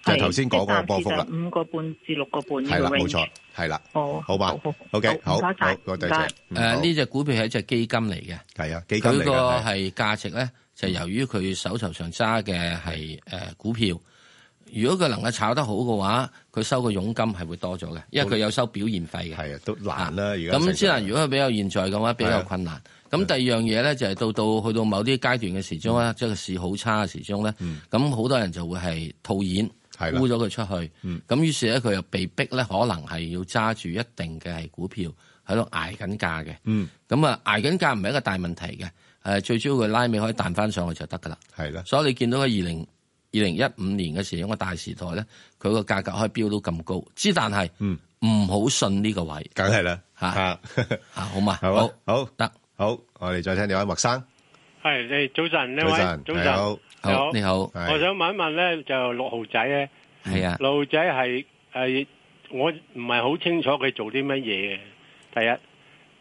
S1: 就係頭先講個波幅啦，五個半至六個半。
S4: 係啦，冇錯，
S1: 係啦。哦，好，
S2: 好，O K，好，
S4: 好。唔該曬，唔該曬。誒，呢
S2: 隻股票係一隻基金嚟嘅，係啊，基金嚟㗎。佢個係價值咧，就係、是、由於佢手頭上揸嘅係誒股票。如果佢能夠炒得好嘅話，佢收個佣金係會多咗嘅，因為佢有收表現費嘅。係啊，都難啦。而家咁先啦，如果佢比較現在嘅話，比較困難。咁第二樣嘢咧，就係、是、到到去到某啲階段嘅時鐘啦、嗯，即係個市好差嘅時鐘咧。咁、嗯、好多人就會係套現，沽咗佢出去，咁、嗯、於是咧佢又被逼咧，可能係要揸住一定嘅係股票喺度挨緊價嘅。咁、嗯、啊，挨緊價唔係一個大問題嘅，誒，最主要佢拉尾可以彈翻上去就得噶啦。係啦，所以你見到佢二零二零一五年嘅時，一個大時代咧，佢個價格可以飆到咁高，之但係唔好信呢個位，梗係啦嚇嚇，好嘛？好，好得，好，我哋再聽另外一位，
S1: 麥生，
S3: 係，你早晨，呢位，早晨，早晨。你好，我想問一問咧，
S1: 就六號仔咧，六號仔係係我唔係好清楚佢做啲乜嘢。第一，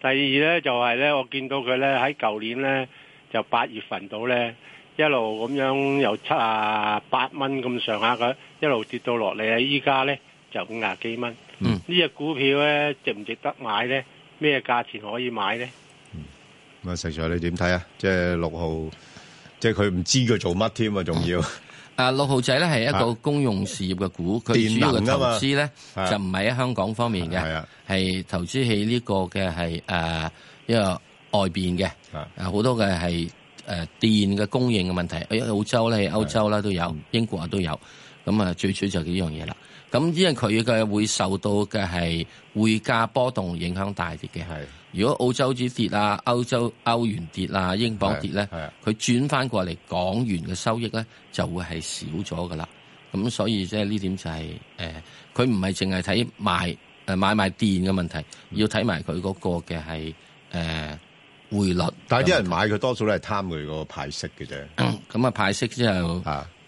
S1: 第二咧就係咧，我見到佢咧喺舊年咧就八月份到咧一路咁樣由七十八蚊咁上下嘅一路跌到落嚟啊，依家咧就五廿幾蚊。嗯，呢隻股票咧
S3: 值唔值得買咧？咩價錢可以買咧？嗯，
S1: 咁啊，成才你點睇
S2: 啊？即係六號。即係佢唔知佢做乜添啊，仲要啊、嗯、六號仔咧係一個公用事業嘅股，佢主要嘅投資咧就唔係喺香港方面嘅，係投資喺呢個嘅係誒一個外邊嘅，好多嘅係誒電嘅供應嘅問題，誒澳洲咧、歐洲啦都有，英國啊都有，咁啊最主要就係呢樣嘢啦。咁因為佢嘅會受到嘅係匯價波動影響大啲嘅，係。如果澳洲止跌啊，歐洲歐元跌啊，英鎊跌咧，佢轉翻過嚟港元嘅收益咧就會係少咗噶啦。咁所以即係呢點就係誒，佢唔係淨係睇賣誒、呃、買賣電嘅問題，要睇埋佢嗰個嘅係誒匯率。但係啲人買佢多數都係貪
S1: 佢個派息嘅啫。
S2: 咁啊，派息之後。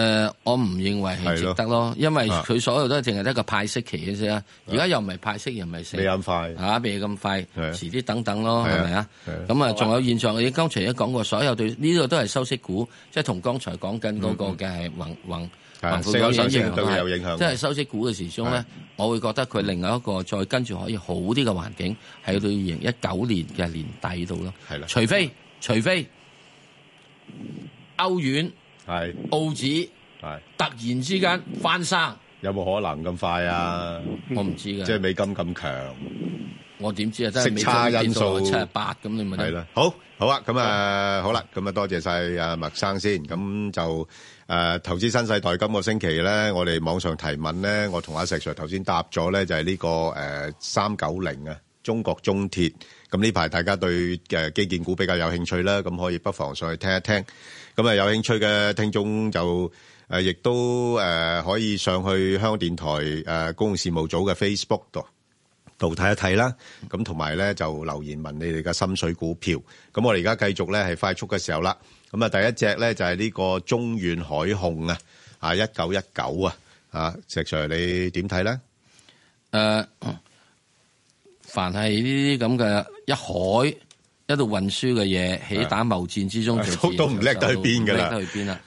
S2: 誒、呃，我唔認為係值得咯，因為佢所有都淨係得一個派息期嘅啫。而家又唔係派息，又唔係死咁快吓，未咁快，遲、啊、啲等等咯，係咪啊？咁啊，仲、嗯、有現在你剛才一講過，所有對呢個都係收息股，即係同剛才講緊嗰個嘅係橫橫橫幅有影響，即係收息股嘅時鐘咧，我會覺得佢另外一個再跟住可以好啲嘅環境喺到二零一九年嘅年底度咯。係啦，除非除非歐元。係澳指係突然之間翻生，有冇可能咁快啊？嗯、我唔知嘅，即係美金咁強，我點知啊？即係美金數是78，差因素七十八咁，你咪係啦。好
S1: 好啊，咁啊，好啦，咁啊，多謝晒阿麥生先。咁就誒，投資新世代今個星期咧，我哋網上提問咧，我同阿石 Sir 頭先答咗咧，就係、是、呢、這個誒三九零啊。呃 390, 中國中鐵咁呢排大家對誒基建股比較有興趣啦，咁可以不妨上去聽一聽。咁啊，有興趣嘅聽眾就誒，亦都誒可以上去香港電台誒公共事務組嘅 Facebook 度度睇一睇啦。咁同埋咧就留言問你哋嘅心水股票。咁我哋而家繼續咧係快速嘅時候啦。咁啊，第一隻咧就係呢個中遠海控啊，啊一九一九啊，啊石 Sir 你點睇咧？
S2: 誒。凡係呢啲咁嘅一海一度運輸嘅嘢，起打貿戰之中就就，都唔叻得到去邊噶啦，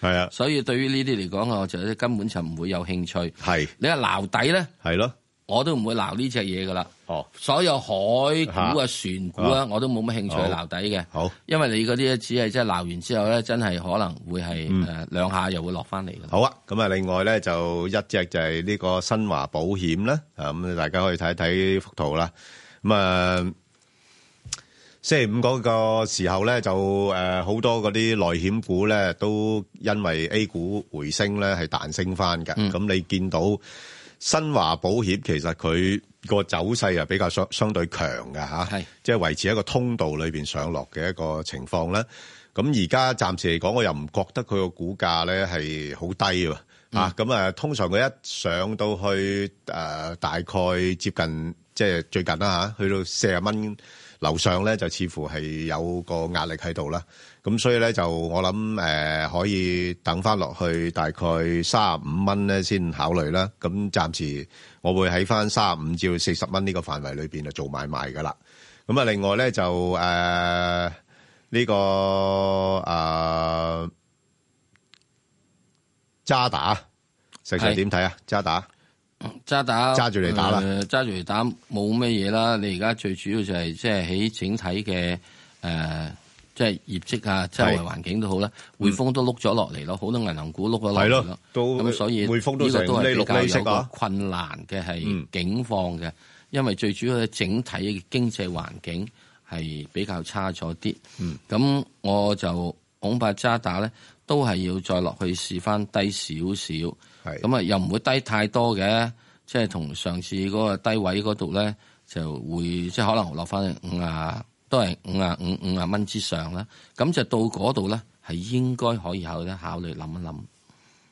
S2: 係啊！所以對於呢啲嚟講，我就根本就唔會有興趣。係你話撈底咧，係咯，我都唔會撈呢隻嘢噶啦。哦，所有海股呀、啊、船股呀、啊，我都冇乜興趣撈底嘅。好，因為你嗰啲只係即係撈完之後咧，真係可能會係誒兩下又會落翻嚟。好啊！咁啊，另外咧就一
S1: 隻就係呢個新華保險啦。啊，咁大家可以睇睇幅圖啦。咁、嗯、啊，星期五嗰個時候咧，就誒好、呃、多嗰啲內險股咧，都因為 A 股回升咧，係彈升翻嘅。咁、嗯、你見到新華保險，其實佢個走勢啊，比較相相對強嘅吓，即係維持一個通道裏面上落嘅一個情況啦。咁而家暫時嚟講，我又唔覺得佢個股價咧係好低喎。咁、嗯、啊，通常佢一上到去誒、呃、大概接近。即係最近啦吓去到四十蚊樓上咧，就似乎係有個壓力喺度啦。咁所以咧就我諗誒可以等翻落去大概三十五蚊咧先考慮啦。咁暫時我會喺翻三十五至到四十蚊呢個範圍裏面啊做買賣噶啦。咁啊，另外咧就誒呢、呃呢個啊
S2: 渣打，成成點睇啊？渣打。石石渣打揸住嚟打啦，揸住嚟打冇乜嘢啦。你而家最主要就係、是、即係喺整體嘅誒、呃，即係業績啊，周圍環境都好啦。匯豐都碌咗落嚟咯，好、嗯、多銀行股碌咗落嚟咯，都咁所以匯豐呢個都碌呢息困難嘅係景況嘅，因為最主要嘅整體經濟環境係比較差咗啲。咁、嗯嗯、我就恐怕渣打咧，都係要再落去試翻低少少。咁啊，又唔會低太多嘅，即係同上次嗰個低位嗰度咧，就會即係可能落翻五啊，都係五啊五五啊蚊之上啦。咁就到嗰度咧，係應該可以考慮考慮諗一諗。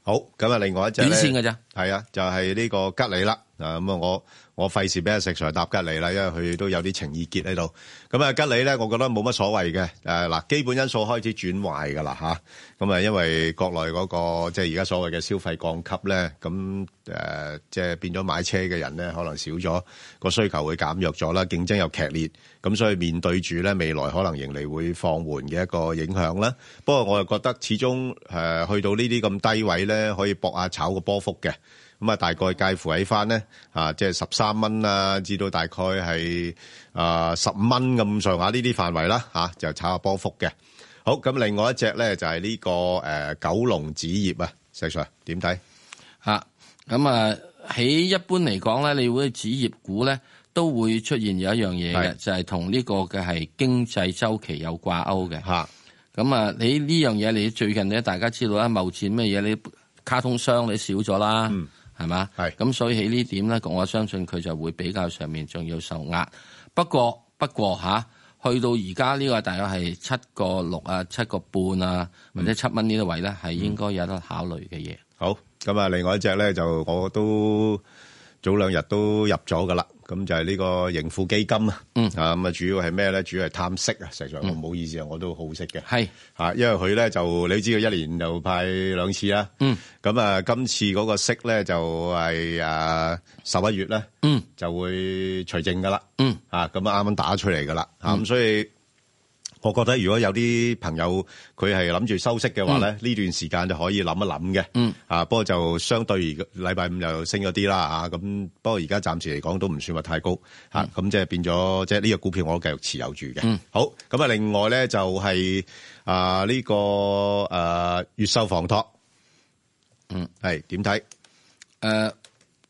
S2: 好，咁啊，另外
S1: 一
S3: 隻短線嘅咋，
S2: 係啊，就係、
S1: 是、呢個吉利啦。啊，咁啊，我。我費事俾阿食，財搭吉利啦，因為佢都有啲情意結喺度。咁啊，吉利咧，我覺得冇乜所謂嘅。誒嗱，基本因素開始轉壞噶啦吓，咁啊，因為國內嗰個即係而家所謂嘅消費降級咧，咁誒即係變咗買車嘅人咧，可能少咗，個需求會減弱咗啦，競爭又劇烈，咁所以面對住咧未來可能盈利會放緩嘅一個影響啦。不過我又覺得始終誒去到呢啲咁低位咧，可以搏下炒個波幅嘅。咁啊，大概介乎喺翻咧，啊，即係十三蚊啦，至到大概係啊十五蚊咁上下呢啲範圍啦，吓就炒下波幅嘅。好，咁另外一隻咧就係呢
S2: 個九龍紙業啊，石 Sir 點睇？吓，咁啊喺一般嚟講咧，你會紙業股咧都會出現有一樣嘢嘅，就係同呢個嘅係經濟周期有掛鈎嘅。咁啊喺呢樣嘢嚟，你你最近咧大家知道啦，貿戰咩嘢？你卡通商你少咗啦。嗯係嘛？係咁，所以喺呢點咧，我相信佢就會比較上面仲要受壓。不過不過吓、啊，去到而家呢個大約係七個六啊，七個半啊，或者七蚊呢個位咧，係、嗯、應該有得考慮嘅嘢。
S1: 好，咁啊，另外一隻咧就我都。早兩日都入咗噶啦，咁就係呢個盈富基金啊、嗯，啊咁啊主要係咩咧？主要係貪息啊，實在我唔好意思啊、嗯，我都好識嘅，係、啊、因為佢咧就你知道一年就派兩次啦，咁、嗯、啊今次嗰個息咧就係誒十一月咧、嗯、就會除淨噶啦，啊咁啊啱啱打出嚟噶啦，啊咁所以。我覺得如果有啲朋友佢係諗住收息嘅話咧，呢、嗯、段時間就可以諗一諗嘅。嗯。啊，不過就相對而禮拜五又升咗啲啦，吓咁。不過而家暫時嚟講都唔算話太高吓，咁即係變咗即係呢個股票我繼續持有住嘅。嗯。好，咁啊，另外咧就係啊呢個
S2: 誒、呃、越秀房託。嗯。係點睇？誒、呃，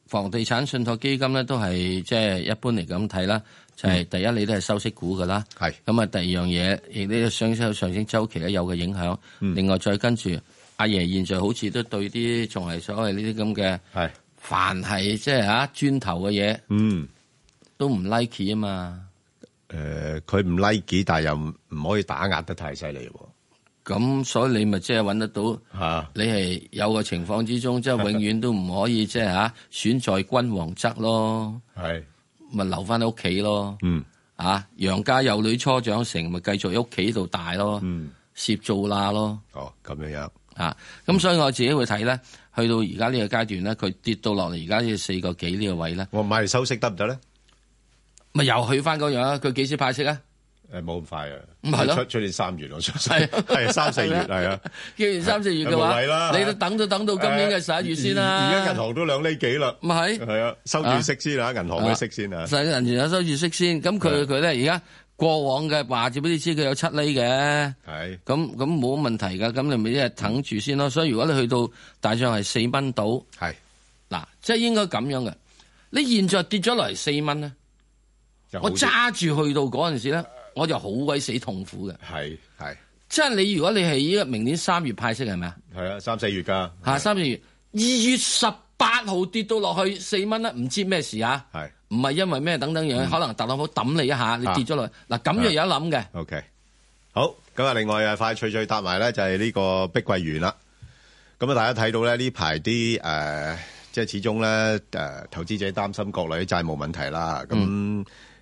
S2: 房地產信託基金咧都係即係一般嚟咁睇啦。係、就是、第一，你都係收息股噶啦。係咁啊，第二樣嘢，亦都上升上升周期咧有嘅影響、嗯。另外再跟住阿爺，爺爺現在好似都對啲仲係所謂呢啲咁嘅，係、嗯、凡係即係啊磚頭嘅嘢，嗯，都唔 like 啊嘛。誒、呃，佢唔 like，但係又唔可以打壓得太犀利。咁所以你咪即係揾得到。吓、啊，你係有個情況之中，即、就、係、是、永遠都唔可以即係吓選在君王側咯。係。咪留翻喺屋企咯，啊，楊家有女初長成繼長，咪繼續喺屋企度大咯，攝造啦咯，哦，咁樣樣，啊，咁所以我自己會睇咧，嗯，去到而家呢個階段咧，佢跌到落嚟而家要四個幾呢個位咧，我買嚟收息得唔得咧？咪又去翻嗰樣啊？佢幾時派息啊？誒冇咁快啊！唔係咯，出出年三月咯，出世係三四月係啊。結完三四月嘅話，你都等都等到今年嘅十一月先啦。而家銀行都兩釐幾啦。唔係係啊，收住息先啊，銀行咩息先啊？實在銀行收住息先。咁佢佢咧，而家過往嘅話畀你知佢有七釐嘅。係咁咁冇問題嘅。咁你咪一日等住先咯。所以如果你去到大上係四蚊到係嗱，即係應該咁樣嘅。你現在跌咗落嚟四蚊咧，我揸住去到嗰陣時咧。我就好鬼死痛苦嘅，係係，即係你如果你係依家明年三月派息係咪啊？係啊，三四月噶吓，三四月二月十八號跌到落去四蚊呢，唔知咩事啊？係，唔係因為咩？等等嘢、嗯，可能特朗普抌你一下，你跌咗落去，嗱咁就有得諗嘅。OK，
S1: 好，咁啊，另外啊，快脆脆搭埋咧就係呢個碧桂園啦。咁啊，大家睇到咧呢排啲誒，即係始終咧誒、呃，投資者擔心國內債務問題啦，咁、嗯。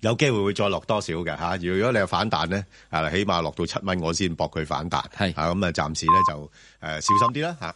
S1: 有機會會再落多少嘅嚇？如果你有反彈咧，啊，起碼落到七蚊我先搏佢反彈。係啊，咁、嗯、啊，暫時咧就誒、呃、小心啲啦嚇。